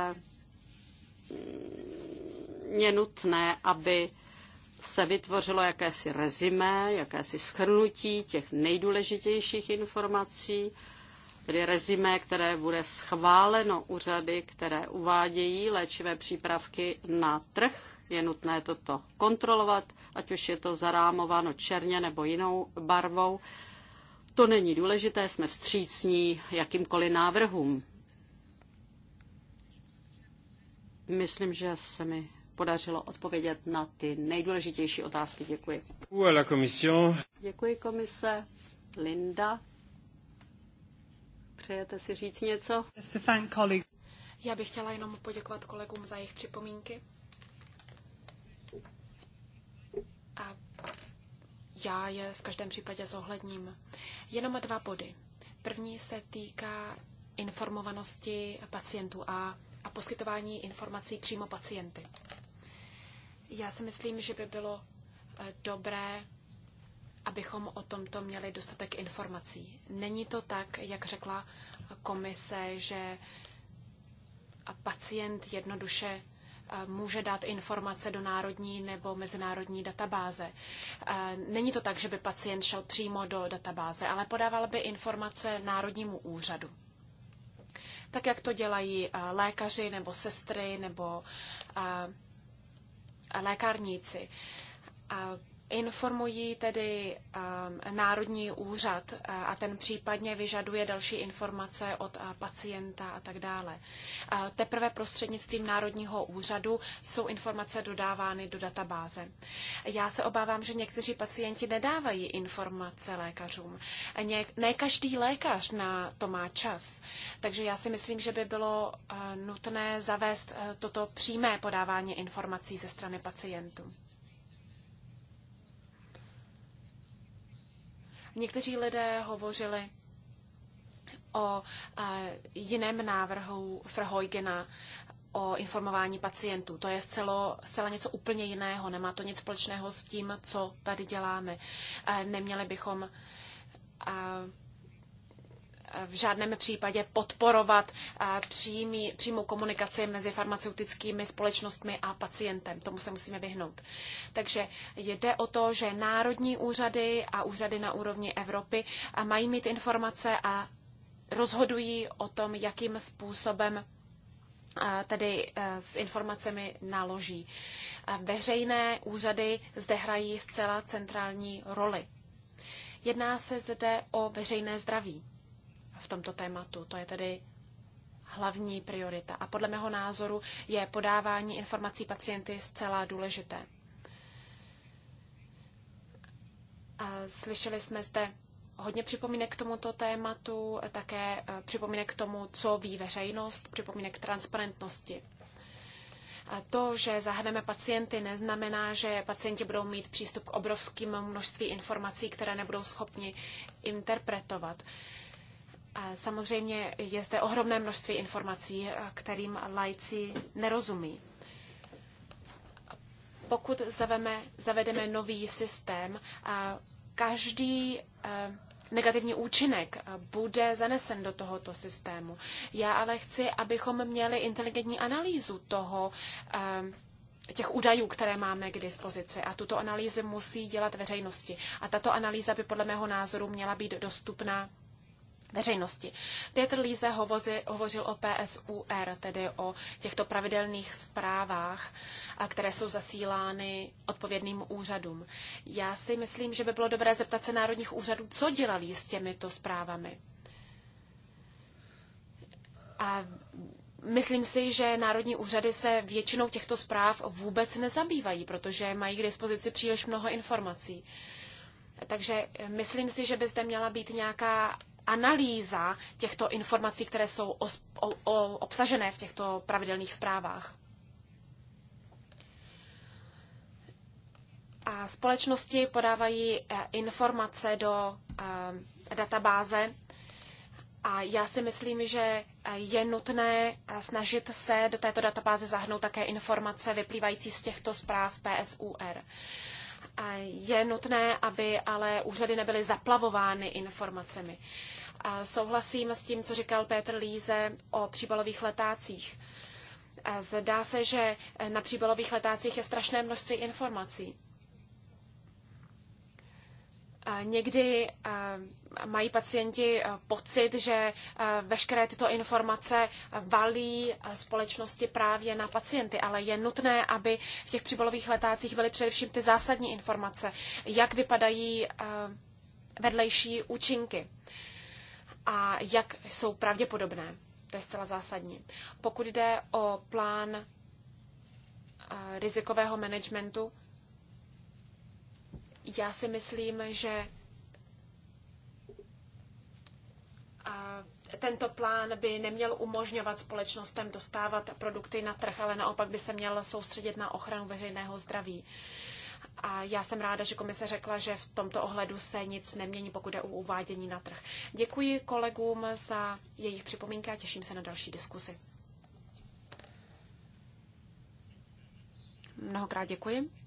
Speaker 2: je nutné, aby se vytvořilo jakési rezime, jakési schrnutí těch nejdůležitějších informací, tedy rezime, které bude schváleno úřady, které uvádějí léčivé přípravky na trh. Je nutné toto kontrolovat, ať už je to zarámováno černě nebo jinou barvou. To není důležité, jsme vstřícní jakýmkoliv návrhům. Myslím, že se mi podařilo odpovědět na ty nejdůležitější otázky. Děkuji. Děkuji komise. Linda. Přejete si říct něco?
Speaker 3: Já bych chtěla jenom poděkovat kolegům za jejich připomínky. A já je v každém případě zohledním. Jenom dva body. První se týká informovanosti pacientů a, a poskytování informací přímo pacienty. Já si myslím, že by bylo eh, dobré abychom o tomto měli dostatek informací. Není to tak, jak řekla komise, že pacient jednoduše eh, může dát informace do národní nebo mezinárodní databáze. Eh, není to tak, že by pacient šel přímo do databáze, ale podával by informace národnímu úřadu. Tak, jak to dělají eh, lékaři nebo sestry nebo lékárníci. Informují tedy um, Národní úřad uh, a ten případně vyžaduje další informace od uh, pacienta a tak dále. Uh, teprve prostřednictvím Národního úřadu jsou informace dodávány do databáze. Já se obávám, že někteří pacienti nedávají informace lékařům. Ne každý lékař na to má čas, takže já si myslím, že by bylo nutné zavést toto přímé podávání informací ze strany pacientů. Někteří lidé hovořili o jiném návrhu Frhojgena o informování pacientů. To je zcelo, zcela něco úplně jiného, nemá to nic společného s tím, co tady děláme. Neměli bychom v žádném případě podporovat eh, přímý, přímou komunikaci mezi farmaceutickými společnostmi a pacientem. Tomu se musíme vyhnout. Takže jde o to, že národní úřady a úřady na úrovni Evropy eh, mají mít informace a rozhodují o tom, jakým způsobem eh, tedy s informacemi naloží. Veřejné úřady zde hrají zcela centrální roli. Jedná se zde o veřejné zdraví v tomto tématu. To je tedy hlavní priorita. A podle mého názoru je podávání informací pacienty zcela důležité. A slyšeli jsme zde hodně připomínek k tomuto tématu, také e, připomínek k tomu, co ví veřejnost, připomínek k transparentnosti. A to, že zahrneme pacienty, neznamená, že pacienti budou mít přístup k obrovským množství informací, které nebudou schopni interpretovat. Samozřejmě je zde ohromné množství informací, eh, kterým lajci nerozumí. Pokud zaveme, zavedeme nový systém, každý eh, negativní účinek eh, bude zanesen do tohoto systému. Já ale chci, abychom měli inteligentní analýzu toho, těch údajů, které máme k dispozici. A tuto analýzu musí dělat veřejnosti. A tato analýza by podle mého názoru měla být dostupná veřejnosti. Pětr Líze hovozi, hovořil o PSUR, tedy o těchto pravidelných zprávách, a které jsou zasílány odpovědným úřadům. Já si myslím, že by bylo dobré zeptat se národních úřadů, co dělali s těmito zprávami. A Myslím si, že národní úřady se většinou těchto zpráv vůbec nezabývají, protože mají k dispozici příliš mnoho informací. Takže myslím si, že by zde měla být nějaká analýza těchto informací, které jsou o, o, o, obsažené v těchto pravidelných zprávách. A společnosti podávají eh, informace do eh, databáze a já si myslím, že eh, je nutné snažit se do této databáze zahrnout také informace vyplývající z těchto zpráv PSUR. Je nutné, aby ale úřady nebyly zaplavovány informacemi. A souhlasím s tím, co říkal Petr Líze o příbalových letácích. A zdá se, že na příbalových letácích je strašné množství informací. Někdy mají pacienti pocit, že veškeré tyto informace valí společnosti právě na pacienty, ale je nutné, aby v těch příbalových letácích byly především ty zásadní informace, jak vypadají vedlejší účinky a jak jsou pravděpodobné. To je zcela zásadní. Pokud jde o plán rizikového managementu, já si myslím, že tento plán by neměl umožňovat společnostem dostávat produkty na trh, ale naopak by se měl soustředit na ochranu veřejného zdraví. A já jsem ráda, že komise řekla, že v tomto ohledu se nic nemění, pokud je o uvádění na trh. Děkuji kolegům za jejich připomínky a těším se na další diskusi. Mnohokrát děkuji.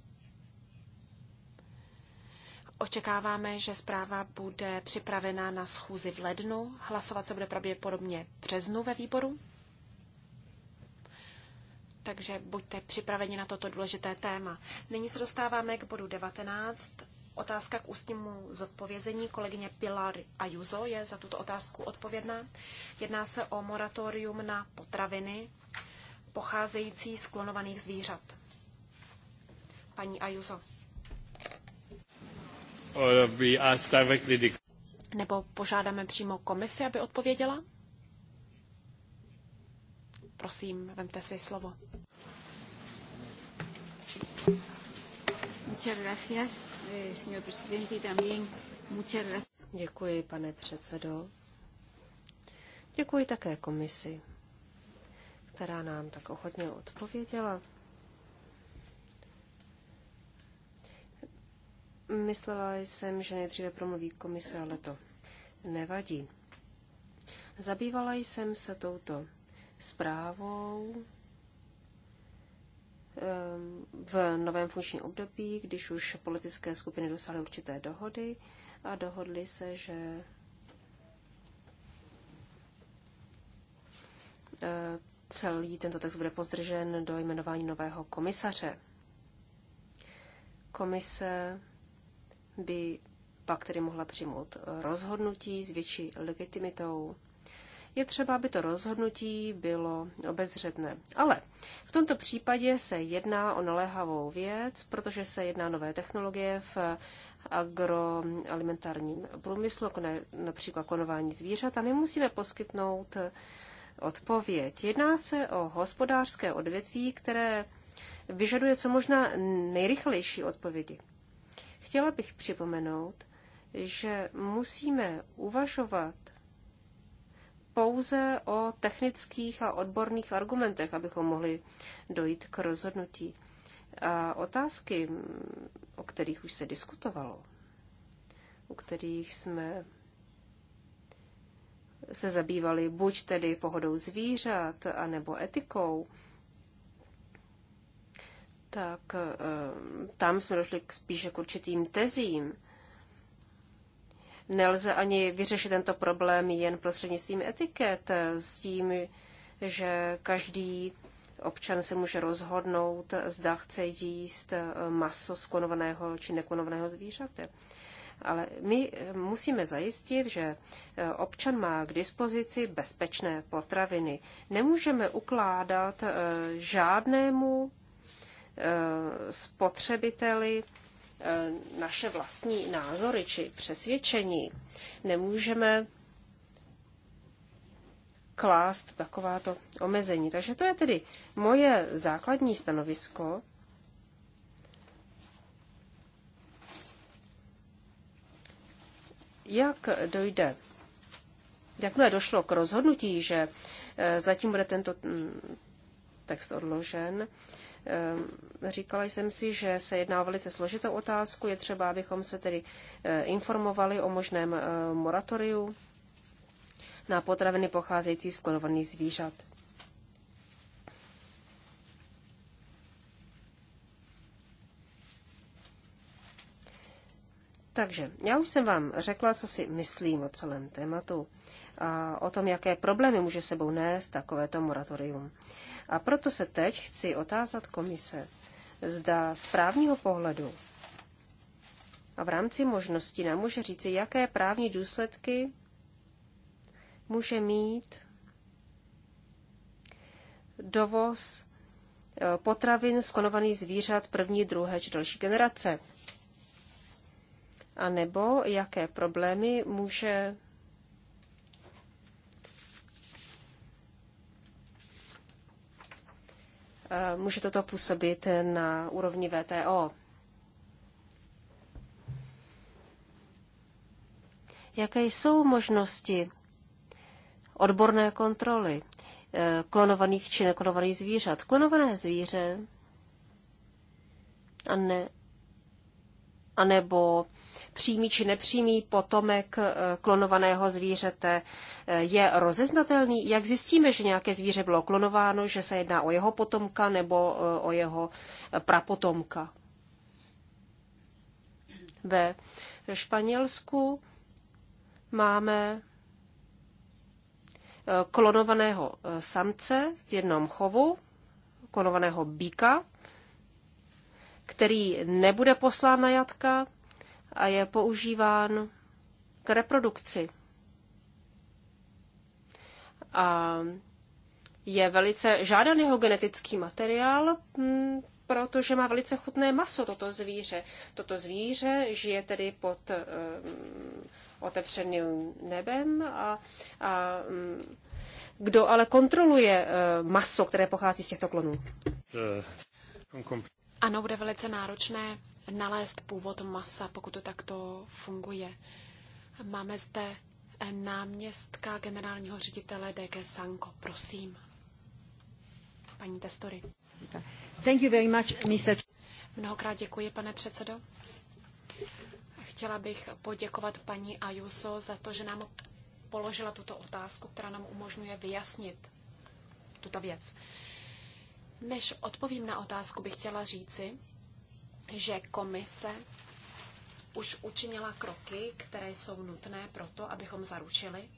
Speaker 3: Očekáváme, že zpráva bude připravena na schůzi v lednu. Hlasovat se bude pravděpodobně v březnu ve výboru. Takže buďte připraveni na toto důležité téma. Nyní se dostáváme k bodu 19. Otázka k ústnímu zodpovězení. Kolegyně Pilar Ajuzo je za tuto otázku odpovědná. Jedná se o moratorium na potraviny pocházející z klonovaných zvířat. Paní Ajuzo.
Speaker 1: Or we ask directly the...
Speaker 3: Nebo požádáme přímo komisi, aby odpověděla? Prosím, vemte si
Speaker 1: slovo. Eh, Děkuji, pane předsedo. Děkuji také komisi, která nám tak ochotně odpověděla. Myslela jsem, že nejdříve promluví komise, ale to nevadí. Zabývala jsem se touto zprávou ehm, v novém funkčním období, když už politické skupiny dosáhly určité dohody a dohodly se, že eh, celý tento text bude pozdržen do jmenování nového komisaře. Komise by pak tedy mohla přijmout rozhodnutí s větší legitimitou. Je třeba, aby to rozhodnutí bylo obezřetné. Ale v tomto případě se jedná o naléhavou věc, protože se jedná nové technologie v agroalimentárním průmyslu, jako například konování zvířat, a my musíme poskytnout odpověď. Jedná se o hospodářské odvětví, které vyžaduje co možná nejrychlejší odpovědi. Chtěla bych připomenout, že musíme uvažovat pouze o technických a odborných argumentech, abychom mohli dojít k rozhodnutí. A otázky, o kterých už se diskutovalo, u kterých jsme se zabývali buď tedy pohodou zvířat, anebo etikou, tak eh, tam jsme došli k spíše k určitým tezím. Nelze ani vyřešit tento problém jen prostřednictvím etiket, eh, s tím, že každý občan se může rozhodnout, zda chce jíst eh, maso z konovaného či nekonovaného zvířete. Ale my musíme zajistit, že občan má k dispozici bezpečné potraviny. Nemůžeme ukládat žádnému Eh, spotřebiteli eh, naše vlastní názory či přesvědčení. Nemůžeme klást takováto omezení. Takže to je tedy moje základní stanovisko. Jak dojde, jakmile došlo k rozhodnutí, že eh, zatím bude tento mm, text odložen, Ehm, říkala jsem si, že se jedná o velice složitou otázku, je třeba, abychom se tedy eh, informovali o možném eh, moratoriu na potraviny pocházející z klonovaných zvířat. Takže já už jsem vám řekla, co si myslím o celém tématu, a o tom, jaké problémy může sebou nést takovéto moratorium. A proto se teď chci otázat komise, zda z právního pohledu a v rámci možnosti nám může říci, jaké právní důsledky může mít dovoz eh, potravin skonovaných zvířat první, druhé či další generace a nebo jaké problémy může eh, může toto působit na úrovni VTO. Jaké jsou možnosti odborné kontroly eh, klonovaných či neklonovaných zvířat? Klonované zvíře a ne anebo přímý či nepřímý potomek eh, klonovaného zvířete eh, je rozeznatelný? Jak zjistíme, že nějaké zvíře bylo klonováno, že se jedná o jeho potomka nebo eh, o jeho prapotomka? Ve Španělsku máme klonovaného samce v jednom chovu, klonovaného býka který nebude poslán na jatka a je používán k reprodukci. A je velice žádan jeho genetický materiál, hm, protože má velice chutné maso toto zvíře. Toto zvíře žije tedy pod um, otevřeným nebem a, a um, kdo ale kontroluje uh, maso, které pochází z těchto klonů? Eh,
Speaker 3: ano, bude velice náročné nalézt původ masa, pokud to takto funguje. Máme zde náměstka generálního ředitele DG Sanko. Prosím. Paní Testory. Thank you very much, Mr. Mnohokrát děkuji, pane předsedo. Chtěla bych poděkovat paní Ayuso za to, že nám položila tuto otázku, která nám umožňuje vyjasnit tuto věc. Než odpovím na otázku, bych chtěla říci, že komise už učinila kroky, které jsou nutné pro to, abychom zaručili,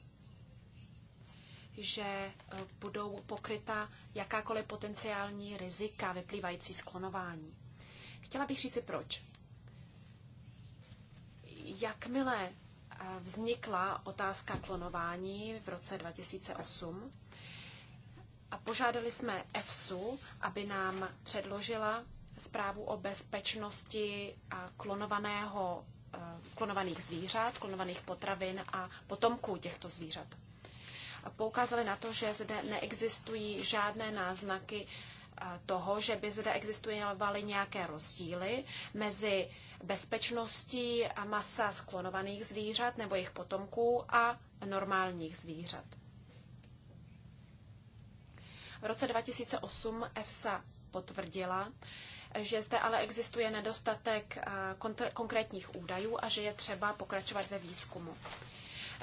Speaker 3: že e, budou pokryta jakákoliv potenciální rizika vyplývající z klonování. Chtěla bych říci proč. Jakmile e, vznikla otázka klonování v roce 2008, a požádali jsme EFSU, aby nám předložila zprávu o bezpečnosti klonovaného, eh, klonovaných zvířat, klonovaných potravin a potomků těchto zvířat. Poukázali na to, že zde neexistují žádné náznaky eh, toho, že by zde existovaly nějaké rozdíly mezi bezpečností a masa sklonovaných zvířat nebo jejich potomků a normálních zvířat. V roce 2008 EFSA potvrdila, že zde ale existuje nedostatek konkrétních údajů a že je třeba pokračovat ve výzkumu.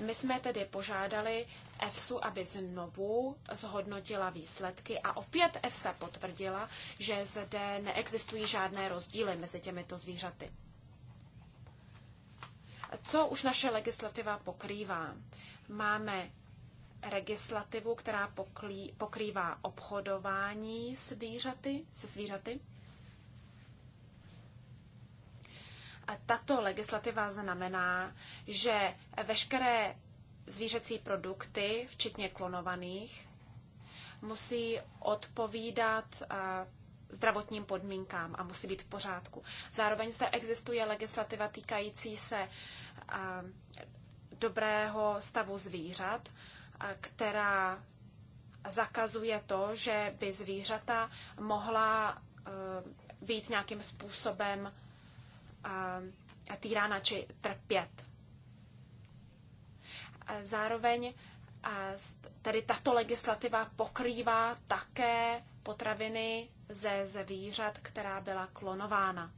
Speaker 3: My jsme tedy požádali EFSU, aby znovu zhodnotila výsledky a opět EFSA potvrdila, že zde neexistují žádné rozdíly mezi těmito zvířaty. Co už naše legislativa pokrývá? Máme legislativu, která poklí, pokrývá obchodování zvířaty, se zvířaty. A tato legislativa znamená, že veškeré zvířecí produkty, včetně klonovaných, musí odpovídat zdravotním podmínkám a musí být v pořádku. Zároveň zde existuje legislativa týkající se dobrého stavu zvířat která zakazuje to, že by zvířata mohla eh, být nějakým způsobem eh, týrána či trpět. Zároveň tedy tato legislativa pokrývá také potraviny ze zvířat, která byla klonována.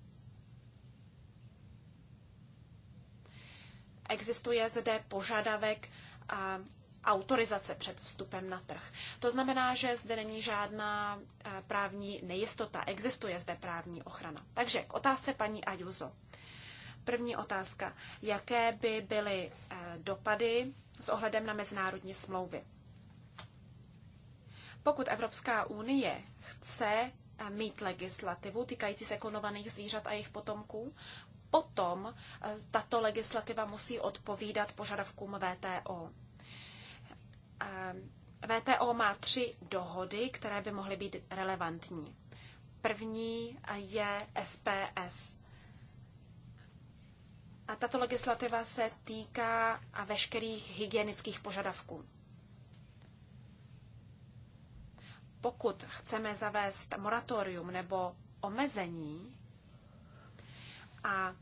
Speaker 3: Existuje zde požadavek autorizace před vstupem na trh. To znamená, že zde není žádná eh, právní nejistota, existuje zde právní ochrana. Takže k otázce paní Ajuzo. První otázka. Jaké by byly eh, dopady s ohledem na mezinárodní smlouvy? Pokud Evropská unie chce eh, mít legislativu týkající se klonovaných zvířat a jejich potomků, potom tato legislativa musí odpovídat požadavkům VTO. Ehm, VTO má tři dohody, které by mohly být relevantní. První je SPS. A tato legislativa se týká veškerých hygienických požadavků. Pokud chceme zavést moratorium nebo omezení a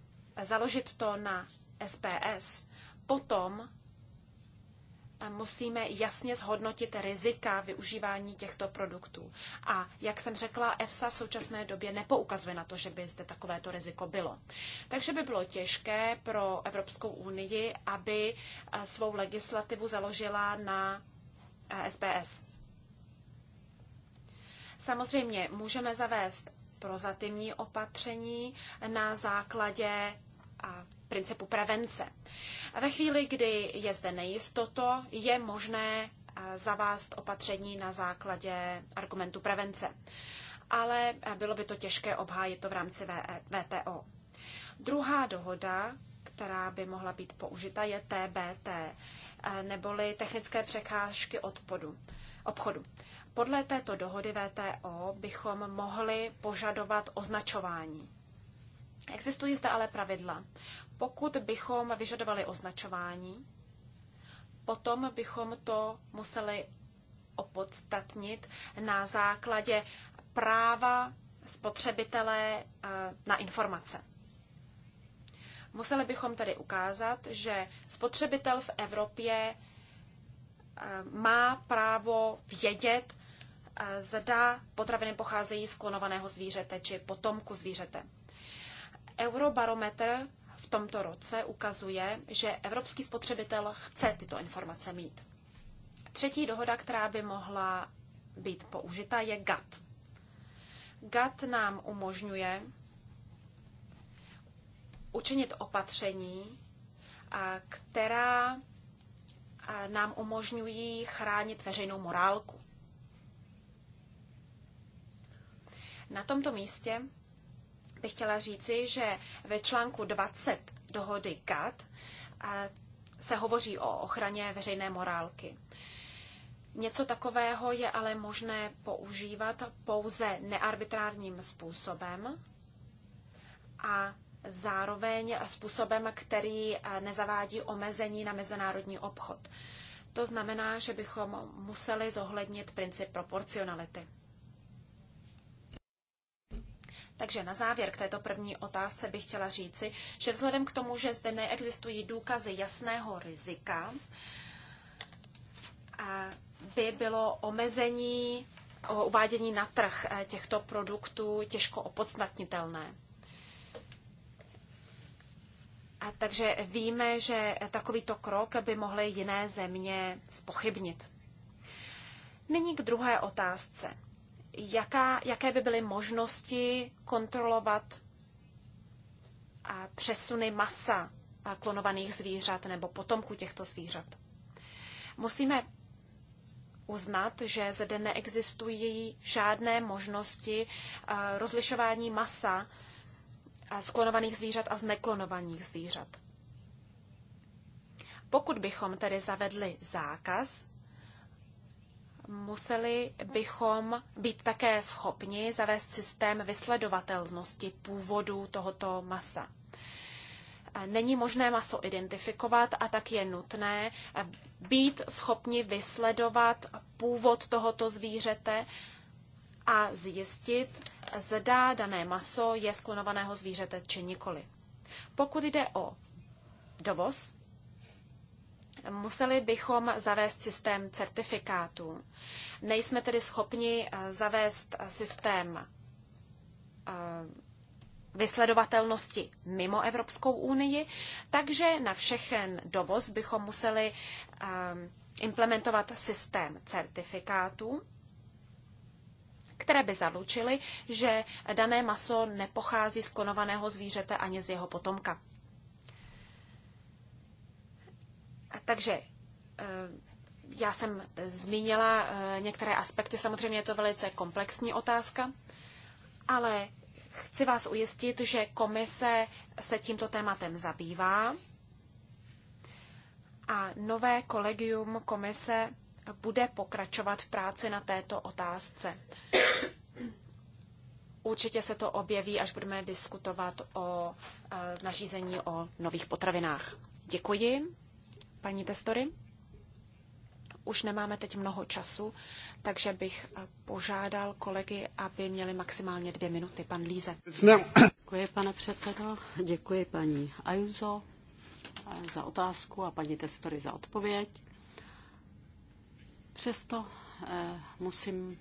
Speaker 3: založit to na SPS, potom musíme jasně zhodnotit rizika využívání těchto produktů. A jak jsem řekla, EFSA v současné době nepoukazuje na to, že by zde takovéto riziko bylo. Takže by bylo těžké pro Evropskou unii, aby eh, svou legislativu založila na SPS. Eh, Samozřejmě můžeme zavést prozatímní opatření na základě principu prevence. A ve chvíli, kdy je zde nejistoto, je možné zavást opatření na základě argumentu prevence. Ale bylo by to těžké obhájit to v rámci VTO. E, Druhá dohoda, která by mohla být použita, je TBT, neboli technické překážky odpodu, obchodu. Podle této dohody VTO bychom mohli požadovat označování Existují zde ale pravidla. Pokud bychom vyžadovali označování, potom bychom to museli opodstatnit na základě práva spotřebitele eh, na informace. Museli bychom tady ukázat, že spotřebitel v Evropě eh, má právo vědět, eh, zda potraviny pocházejí z klonovaného zvířete či potomku zvířete. Eurobarometr v tomto roce ukazuje, že evropský spotřebitel chce tyto informace mít. Třetí dohoda, která by mohla být použita, je GATT. GATT nám umožňuje učinit opatření, která nám umožňují chránit veřejnou morálku. Na tomto místě bych chtěla říci, že ve článku 20 dohody GATT eh, se hovoří o ochraně veřejné morálky. Něco takového je ale možné používat pouze nearbitrárním způsobem a zároveň způsobem, který eh, nezavádí omezení na mezinárodní obchod. To znamená, že bychom museli zohlednit princip proporcionality. Takže na závěr k této první otázce bych chtěla říci, že vzhledem k tomu, že zde neexistují důkazy jasného rizika, by bylo omezení o uvádění na trh e, těchto produktů těžko opodstatnitelné. A takže víme, že takovýto krok by mohly jiné země spochybnit. Nyní k druhé otázce jaká, jaké by byly možnosti kontrolovat přesuny masa klonovaných zvířat nebo potomku těchto zvířat. Musíme uznat, že zde neexistují žádné možnosti rozlišování masa z klonovaných zvířat a z neklonovaných zvířat. Pokud bychom tedy zavedli zákaz museli bychom být také schopni zavést systém vysledovatelnosti původu tohoto masa. Není možné maso identifikovat a tak je nutné eh, být schopni vysledovat původ tohoto zvířete a zjistit, zda dané maso je sklonovaného zvířete či nikoli. Pokud jde o dovoz, Museli bychom zavést systém certifikátů. Nejsme tedy schopni eh, zavést systém eh, vysledovatelnosti mimo Evropskou unii, takže na všechen dovoz bychom museli eh, implementovat systém certifikátů, které by zalučily, že dané maso nepochází z klonovaného zvířete ani z jeho potomka. Takže eh, já jsem zmínila eh, některé aspekty, samozřejmě je to velice komplexní otázka, ale chci vás ujistit, že komise se tímto tématem zabývá a nové kolegium komise bude pokračovat v práci na této otázce. Určitě se to objeví, až budeme diskutovat o eh, nařízení o nových potravinách. Děkuji. Paní Testory, už nemáme teď mnoho času, takže bych eh, požádal kolegy, aby měli maximálně dvě minuty. Pan Líze.
Speaker 2: Děkuji, pane předsedo. Děkuji, paní Ajuzo, eh, za otázku a paní Testory za odpověď. Přesto eh, musím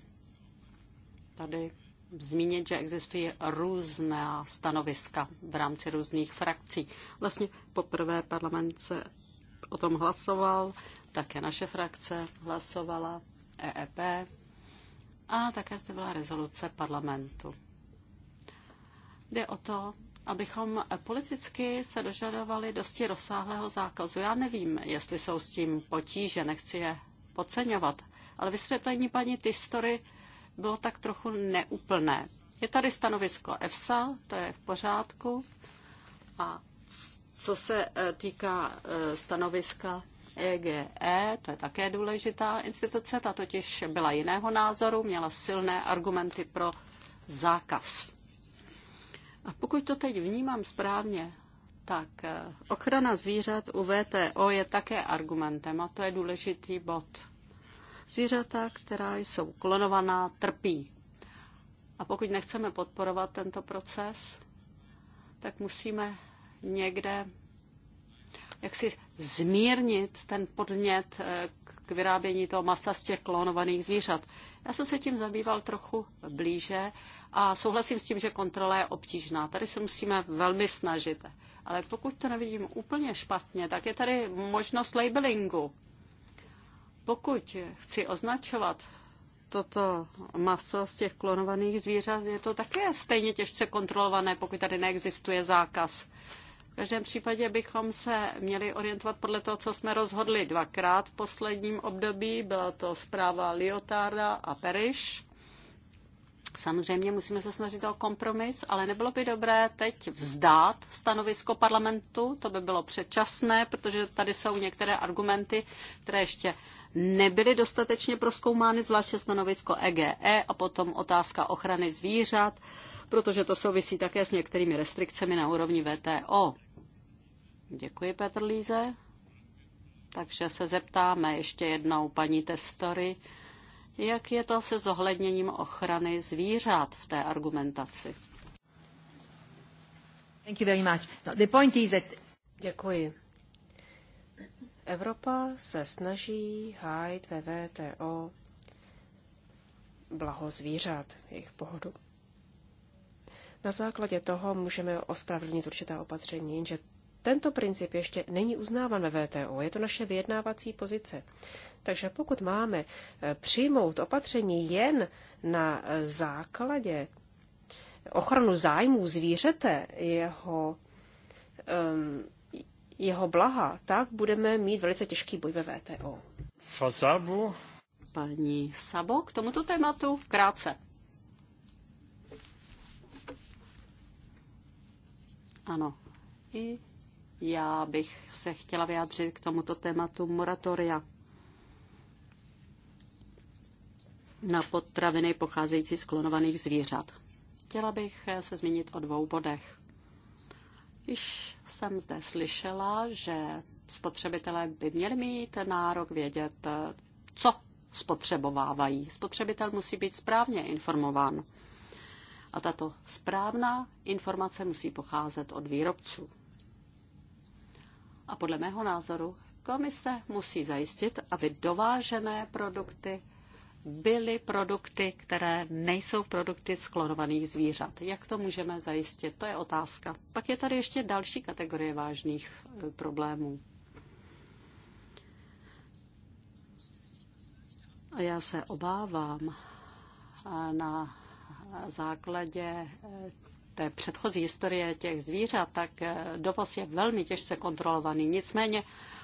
Speaker 2: tady zmínit, že existují různá stanoviska v rámci různých frakcí. Vlastně poprvé parlament se o tom hlasoval, také naše frakce hlasovala, EEP a také zde byla rezoluce parlamentu. Jde o to, abychom politicky se dožadovali dosti rozsáhlého zákazu. Já nevím, jestli jsou s tím potíže, nechci je podceňovat, ale vysvětlení paní Tistory bylo tak trochu neúplné. Je tady stanovisko EFSA, to je v pořádku, a co se eh, týká eh, stanoviska EGE, e, to je také důležitá instituce, ta totiž byla jiného názoru, měla silné argumenty pro zákaz. A pokud to teď vnímám správně, tak eh, ochrana zvířat u VTO je také argumentem a to je důležitý bod. Zvířata, která jsou klonovaná, trpí. A pokud nechceme podporovat tento proces, tak musíme někde jak si zmírnit ten podnět eh, k vyrábění toho masa z těch klonovaných zvířat. Já jsem se tím zabýval trochu blíže a souhlasím s tím, že kontrola je obtížná. Tady se musíme velmi snažit. Ale pokud to nevidím úplně špatně, tak je tady možnost labelingu. Pokud chci označovat toto maso z těch klonovaných zvířat, je to také stejně těžce kontrolované, pokud tady neexistuje zákaz. V každém případě bychom se měli orientovat podle toho, co jsme rozhodli dvakrát v posledním období. Byla to zpráva Liotarda a Periš. Samozřejmě musíme se snažit o kompromis, ale nebylo by dobré teď vzdát stanovisko parlamentu, to by bylo předčasné, protože tady jsou některé argumenty, které ještě nebyly dostatečně proskoumány, zvláště stanovisko EGE e a potom otázka ochrany zvířat, protože to souvisí také s některými restrikcemi na úrovni VTO. Děkuji, Petr Líze. Takže se zeptáme ještě jednou paní Testory, jak je to se zohledněním ochrany zvířat v té argumentaci. Thank you very much. No, the point is
Speaker 1: that... Děkuji. Evropa se snaží hájit ve VTO blaho zvířat, jejich pohodu. Na základě toho můžeme ospravedlnit určitá opatření, že tento princip ještě není uznáván ve VTO, je to naše vyjednávací pozice. Takže pokud máme eh, přijmout opatření jen na eh, základě ochranu zájmů zvířete, jeho, um, jeho blaha, tak budeme mít velice těžký boj ve VTO. Fazabu. Paní Sabo, k tomuto tématu krátce.
Speaker 2: Ano, i já bych se chtěla vyjádřit k tomuto tématu moratoria na potraviny pocházející z klonovaných zvířat. Chtěla bych se zmínit o dvou bodech. Již jsem zde slyšela, že spotřebitelé by měli mít nárok vědět, co spotřebovávají. Spotřebitel musí být správně informován. A tato správná informace musí pocházet od výrobců. A podle mého názoru komise musí zajistit, aby dovážené produkty byly produkty, které nejsou produkty sklonovaných zvířat. Jak to můžeme zajistit? To je otázka. Pak je tady ještě další kategorie vážných e, problémů. A já se obávám e, na základě e, té předchozí historie těch zvířat, tak eh, dovoz je velmi těžce kontrolovaný. Nicméně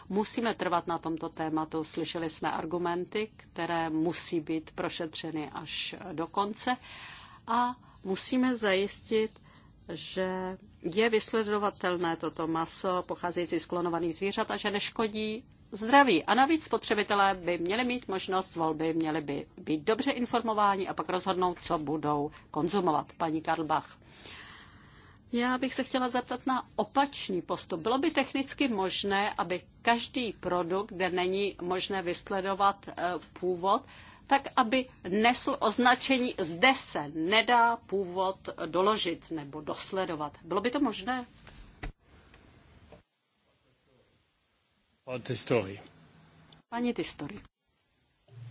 Speaker 2: musíme trvat na tomto tématu. Slyšeli jsme argumenty, které musí být prošetřeny až eh, do konce a musíme zajistit, že je vysledovatelné toto maso pocházející z klonovaných zvířat a že neškodí zdraví. A navíc spotřebitelé by měli mít možnost volby, měli by být dobře informováni a pak rozhodnout, co budou konzumovat. Paní Karlbach. Já bych se chtěla zeptat na opačný postup. Bylo by technicky možné, aby každý produkt, kde není možné vysledovat eh, původ, tak aby nesl označení zde se nedá původ doložit nebo dosledovat. Bylo by to možné? Pani Tistori.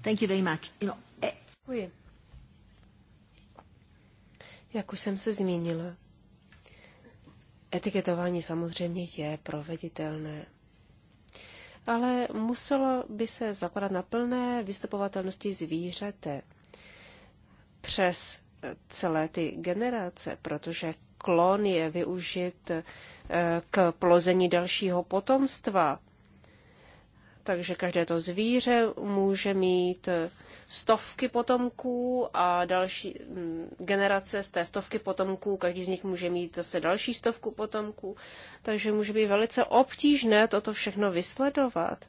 Speaker 1: Thank you very much. You know, eh. Děkuji. Jak už jsem se zmínila, etiketování samozřejmě je proveditelné. Ale muselo by se zapadat na plné vystupovatelnosti zvířete přes celé ty generace, protože klon je využit eh, k plození dalšího potomstva takže každé to zvíře může mít eh, stovky potomků a další mm, generace z té stovky potomků, každý z nich může mít zase další stovku potomků, takže může být velice obtížné toto všechno vysledovat.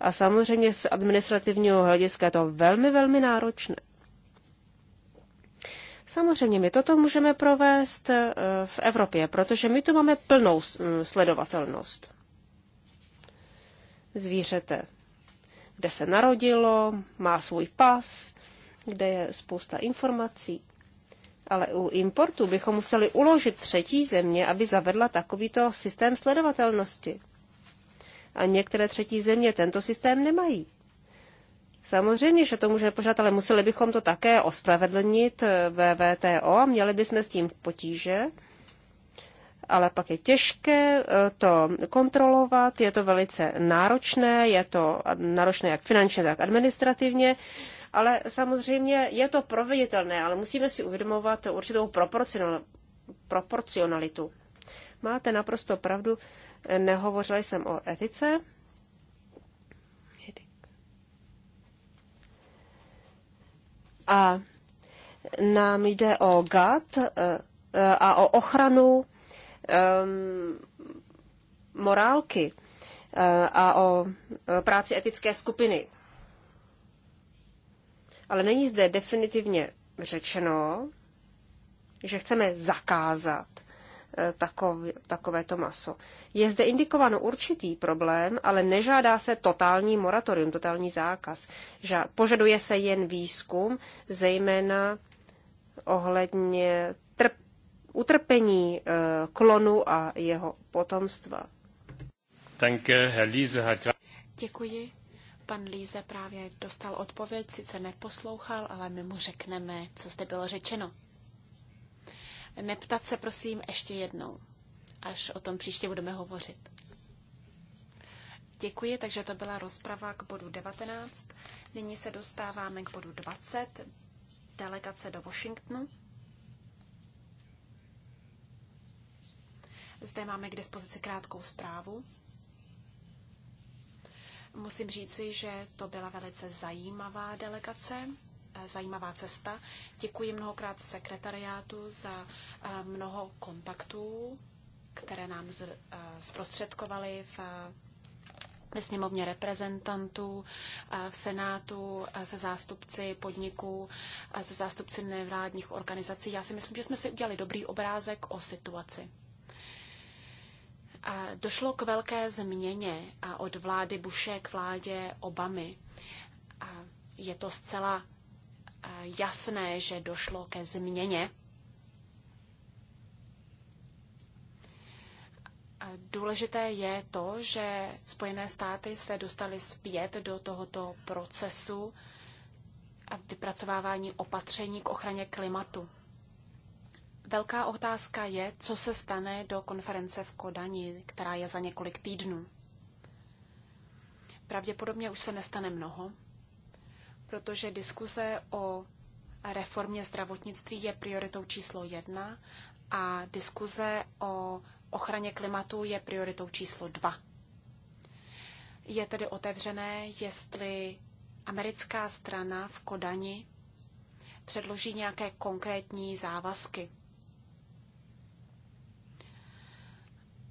Speaker 1: A samozřejmě z administrativního hlediska je to velmi, velmi náročné. Samozřejmě my toto můžeme provést eh, v Evropě, protože my tu máme plnou mm, sledovatelnost zvířete, kde se narodilo, má svůj pas, kde je spousta informací. Ale u importu bychom museli uložit třetí země, aby zavedla takovýto systém sledovatelnosti. A některé třetí země tento systém nemají. Samozřejmě, že to může požádat, ale museli bychom to také ospravedlnit eh, VVTO a měli bychom s tím potíže, ale pak je těžké eh, to kontrolovat, je to velice náročné, je to náročné jak finančně, tak administrativně, ale samozřejmě je to proveditelné, ale musíme si uvědomovat určitou proporcionalitu. Máte naprosto pravdu, eh, nehovořila jsem o etice, A nám jde o GAT eh, a o ochranu um, morálky eh, a o eh, práci etické skupiny. Ale není zde definitivně řečeno, že chceme zakázat eh, takové, takovéto maso. Je zde indikováno určitý problém, ale nežádá se totální moratorium, totální zákaz. Požaduje se jen výzkum, zejména ohledně utrpení eh, klonu a jeho potomstva. Danke, Herr Liese
Speaker 3: Děkuji. Pan Líze právě dostal odpověď, sice neposlouchal, ale my mu řekneme, co zde bylo řečeno. Neptat se prosím ještě jednou, až o tom příště budeme hovořit. Děkuji, takže to byla rozprava k bodu 19. Nyní se dostáváme k bodu 20, delegace do Washingtonu. Zde máme k dispozici krátkou zprávu. Musím říci, že to byla velice zajímavá delegace, eh, zajímavá cesta. Děkuji mnohokrát sekretariátu za eh, mnoho kontaktů, které nám eh, zprostředkovali v ve sněmovně reprezentantů, v Senátu, se zástupci podniků, se zástupci nevládních organizací. Já si myslím, že jsme si udělali dobrý obrázek o situaci. Došlo k velké změně a od vlády Bushe k vládě Obamy. Je to zcela jasné, že došlo ke změně. Důležité je to, že Spojené státy se dostaly zpět do tohoto procesu a vypracovávání opatření k ochraně klimatu. Velká otázka je, co se stane do konference v Kodani, která je za několik týdnů. Pravděpodobně už se nestane mnoho, protože diskuze o reformě zdravotnictví je prioritou číslo jedna a diskuze o ochraně klimatu je prioritou číslo dva. Je tedy otevřené, jestli americká strana v Kodani předloží nějaké konkrétní závazky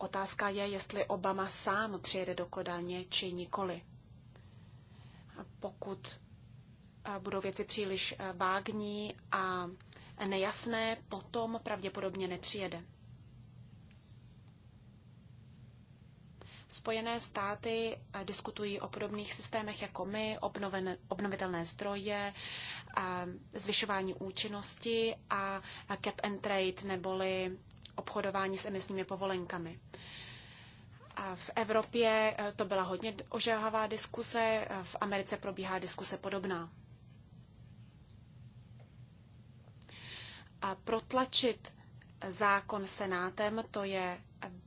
Speaker 3: Otázka je, jestli Obama sám přijede do Kodaně či nikoli. Pokud eh, budou věci příliš eh, vágní a nejasné, potom pravděpodobně nepřijede. Spojené státy eh, diskutují o podobných systémech jako my, obnoven, obnovitelné zdroje, zvyšování účinnosti a cap and trade neboli obchodování s emisními povolenkami. A v Evropě eh, to byla hodně ožehavá diskuse, v Americe probíhá diskuse podobná. A protlačit zákon senátem, to je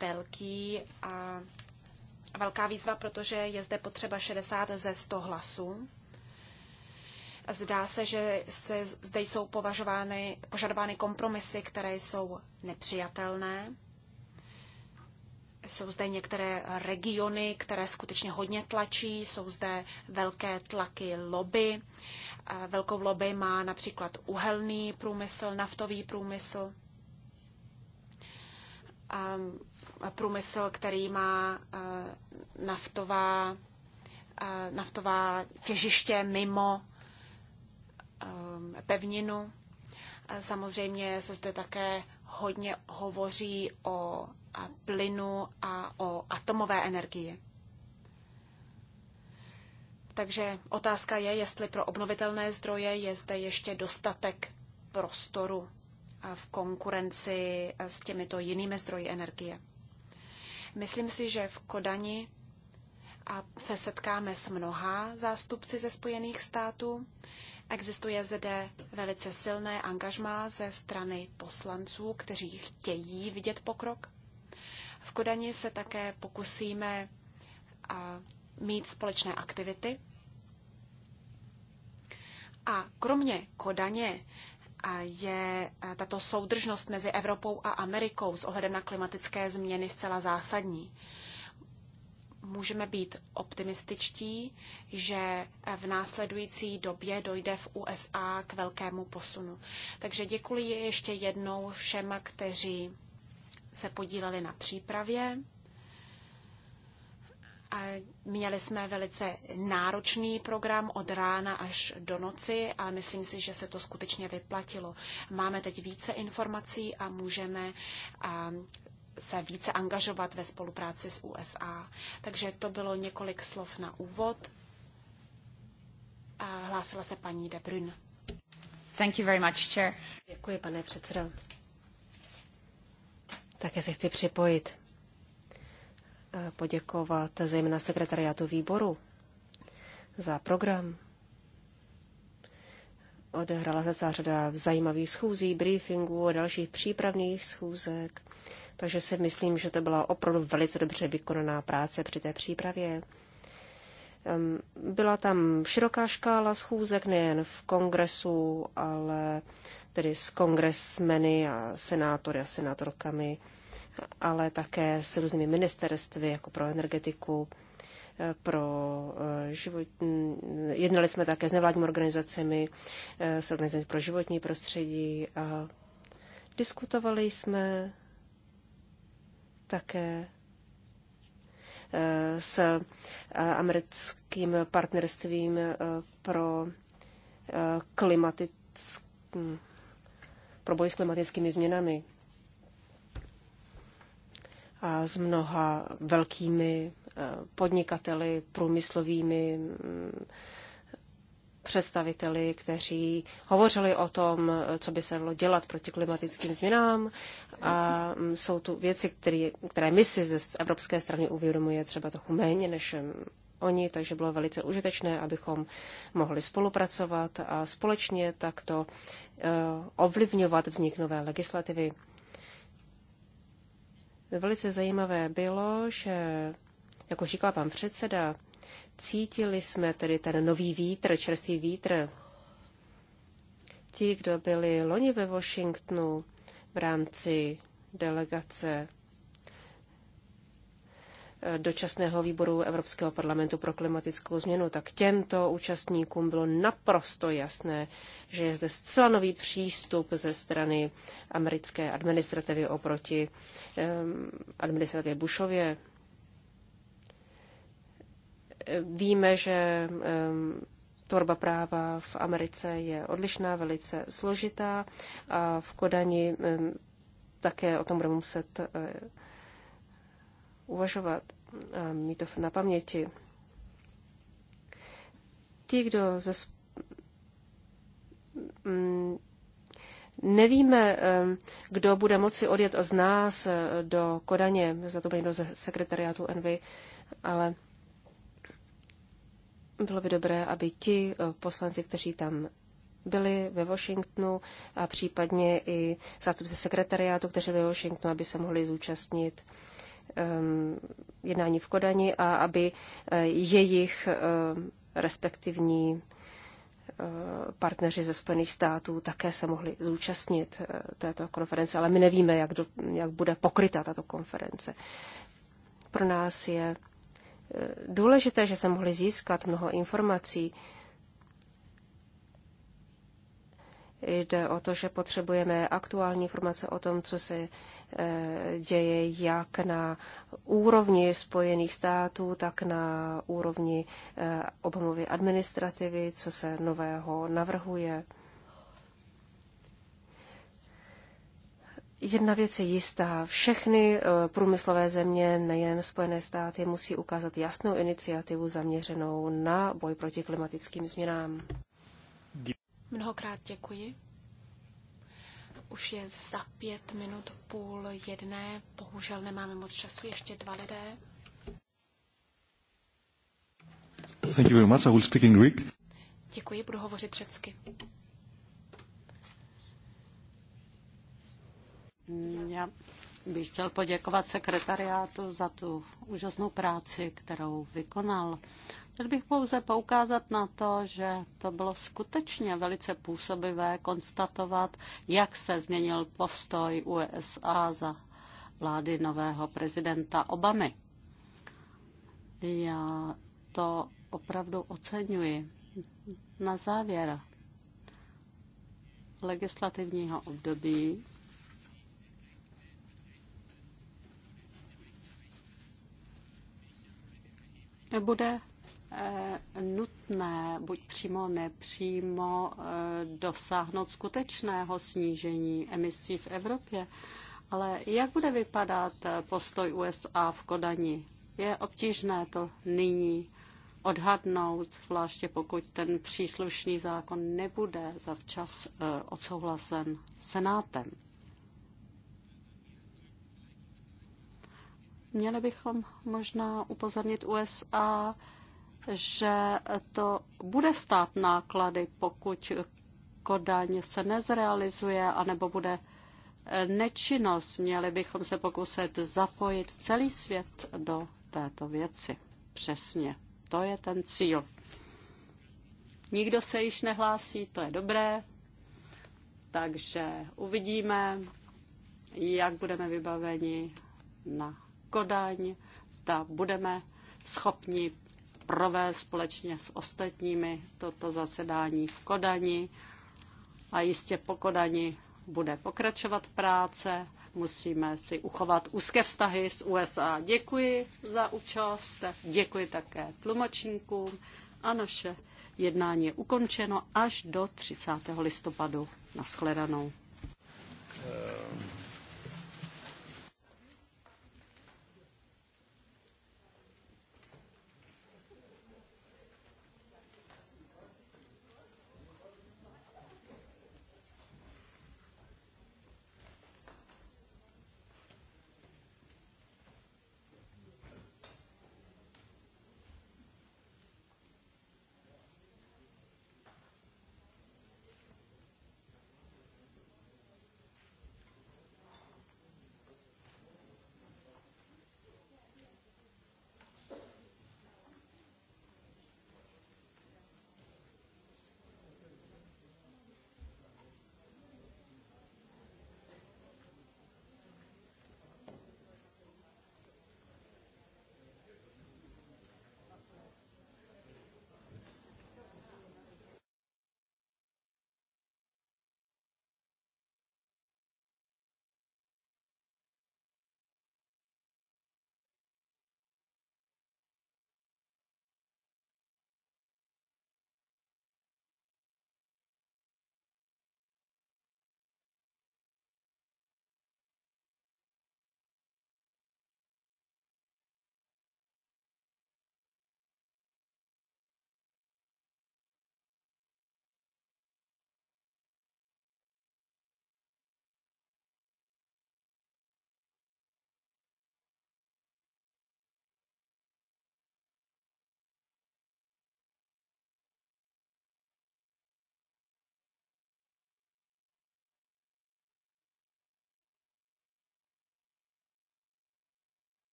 Speaker 3: velký a velká výzva, protože je zde potřeba 60 ze 100 hlasů. Zdá se, že se zde jsou považovány, požadovány kompromisy, které jsou nepřijatelné. Jsou zde některé regiony, které skutečně hodně tlačí, jsou zde velké tlaky lobby. Velkou lobby má například uhelný průmysl, naftový průmysl, průmysl, který má naftová, naftová těžiště mimo Um, pevninu. Samozřejmě se zde také hodně hovoří o plynu a o atomové energii. Takže otázka je, jestli pro obnovitelné zdroje je zde ještě dostatek prostoru v konkurenci s těmito jinými zdroji energie. Myslím si, že v Kodani se setkáme s mnoha zástupci ze Spojených států. Existuje zde velice silné angažmá ze strany poslanců, kteří chtějí vidět pokrok. V Kodani se také pokusíme mít společné aktivity. A kromě Kodaně a je tato soudržnost mezi Evropou a Amerikou s ohledem na klimatické změny zcela zásadní můžeme být optimističtí, že v následující době dojde v USA k velkému posunu. Takže děkuji ještě jednou všem, kteří se podíleli na přípravě. A měli jsme velice náročný program od rána až do noci, a myslím si, že se to skutečně vyplatilo. Máme teď více informací a můžeme se více angažovat ve spolupráci s USA. Takže to bylo několik slov na úvod. A hlásila se paní De Bruyne. Thank you very much, Chair. Děkuji, pane předsedo.
Speaker 1: Také se chci připojit a poděkovat zejména sekretariátu výboru za program. Odehrala se řada zajímavých schůzí, briefingů a dalších přípravných schůzek. Takže si myslím, že to byla opravdu velice dobře vykonaná práce při té přípravě. Byla tam široká škála schůzek nejen v kongresu, ale tedy s kongresmeny a senátory a senátorkami, ale také s různými ministerstvy, jako pro energetiku, eh, pro eh, život... Mm, jednali jsme také s nevládními organizacemi, eh, s organizacemi pro životní prostředí a diskutovali jsme také eh, s eh, americkým partnerstvím eh, pro klimatický, hm, pro boj s klimatickými změnami a s mnoha velkými podnikateli, průmyslovými hm, představiteli, kteří hovořili o tom, co by se mělo dělat proti klimatickým změnám. A mm, jsou tu věci, které, které my si ze evropské strany uvědomuje třeba trochu méně než mm, oni, takže bylo velice užitečné, abychom mohli spolupracovat a společně takto e, ovlivňovat vznik nové legislativy. Velice zajímavé bylo, že, jako říkal pan předseda, Cítili jsme tedy ten nový vítr, čerstvý vítr. Ti, kdo byli loni ve Washingtonu v rámci delegace eh, dočasného výboru Evropského parlamentu pro klimatickou změnu, tak těmto účastníkům bylo naprosto jasné, že je zde zcela nový přístup ze strany americké administrativy oproti um, administrativě Bushově, Víme, že tvorba práva v Americe je odlišná, velice složitá a v Kodani také o tom budeme muset eh, uvažovat a mít to na paměti. Ti, kdo ze mm, Nevíme, kdo bude moci odjet z nás do Kodaně, za to bude do sekretariátu Envy, ale bylo by dobré, aby ti eh, poslanci, kteří tam byli ve Washingtonu a případně i zástupci sekretariátu, kteří byli ve Washingtonu, aby se mohli zúčastnit um, jednání v Kodani a aby uh, jejich uh, respektivní partneři ze Spojených států také se mohli zúčastnit této konference, ale my nevíme, jak, do, jak bude pokryta tato konference. Pro nás je důležité, že se mohli získat mnoho informací. Jde o to, že potřebujeme aktuální informace o tom, co se eh, děje jak na úrovni Spojených států, tak na úrovni eh, Obamovy administrativy, co se nového navrhuje. Jedna věc je jistá. Všechny eh, průmyslové země, nejen Spojené státy, musí ukázat jasnou iniciativu zaměřenou na boj proti klimatickým změnám.
Speaker 3: Mnohokrát děkuji. Už je za pět minut půl jedné. Bohužel nemáme moc času, ještě dva lidé. Thank you very much. I will speak in Greek. Děkuji, budu hovořit řecky.
Speaker 2: Já bych chtěl poděkovat sekretariátu za tu úžasnou práci, kterou vykonal. Chtěl bych pouze poukázat na to, že to bylo skutečně velice působivé konstatovat, jak se změnil postoj USA za vlády nového prezidenta Obamy. Já to opravdu oceňuji. Na závěr legislativního období bude eh, nutné buď přímo nepřímo eh, dosáhnout skutečného snížení emisí v Evropě. Ale jak bude vypadat eh, postoj USA v Kodani? Je obtížné to nyní odhadnout, zvláště pokud ten příslušný zákon nebude zavčas odsouhlasen Senátem. Měli bychom možná upozornit USA, že to bude stát náklady, pokud Kodaň se nezrealizuje, anebo bude nečinnost. Měli bychom se pokusit zapojit celý svět do této věci. Přesně. To je ten cíl. Nikdo se již nehlásí, to je dobré. Takže uvidíme, jak budeme vybaveni na Kodaň, zda budeme schopni provést společně s ostatními toto zasedání v Kodani a jistě po Kodani bude pokračovat práce. Musíme si uchovat úzké vztahy s USA. Děkuji za účast, děkuji také tlumočníkům a naše jednání je ukončeno až do 30. listopadu. Naschledanou.
Speaker 1: Um.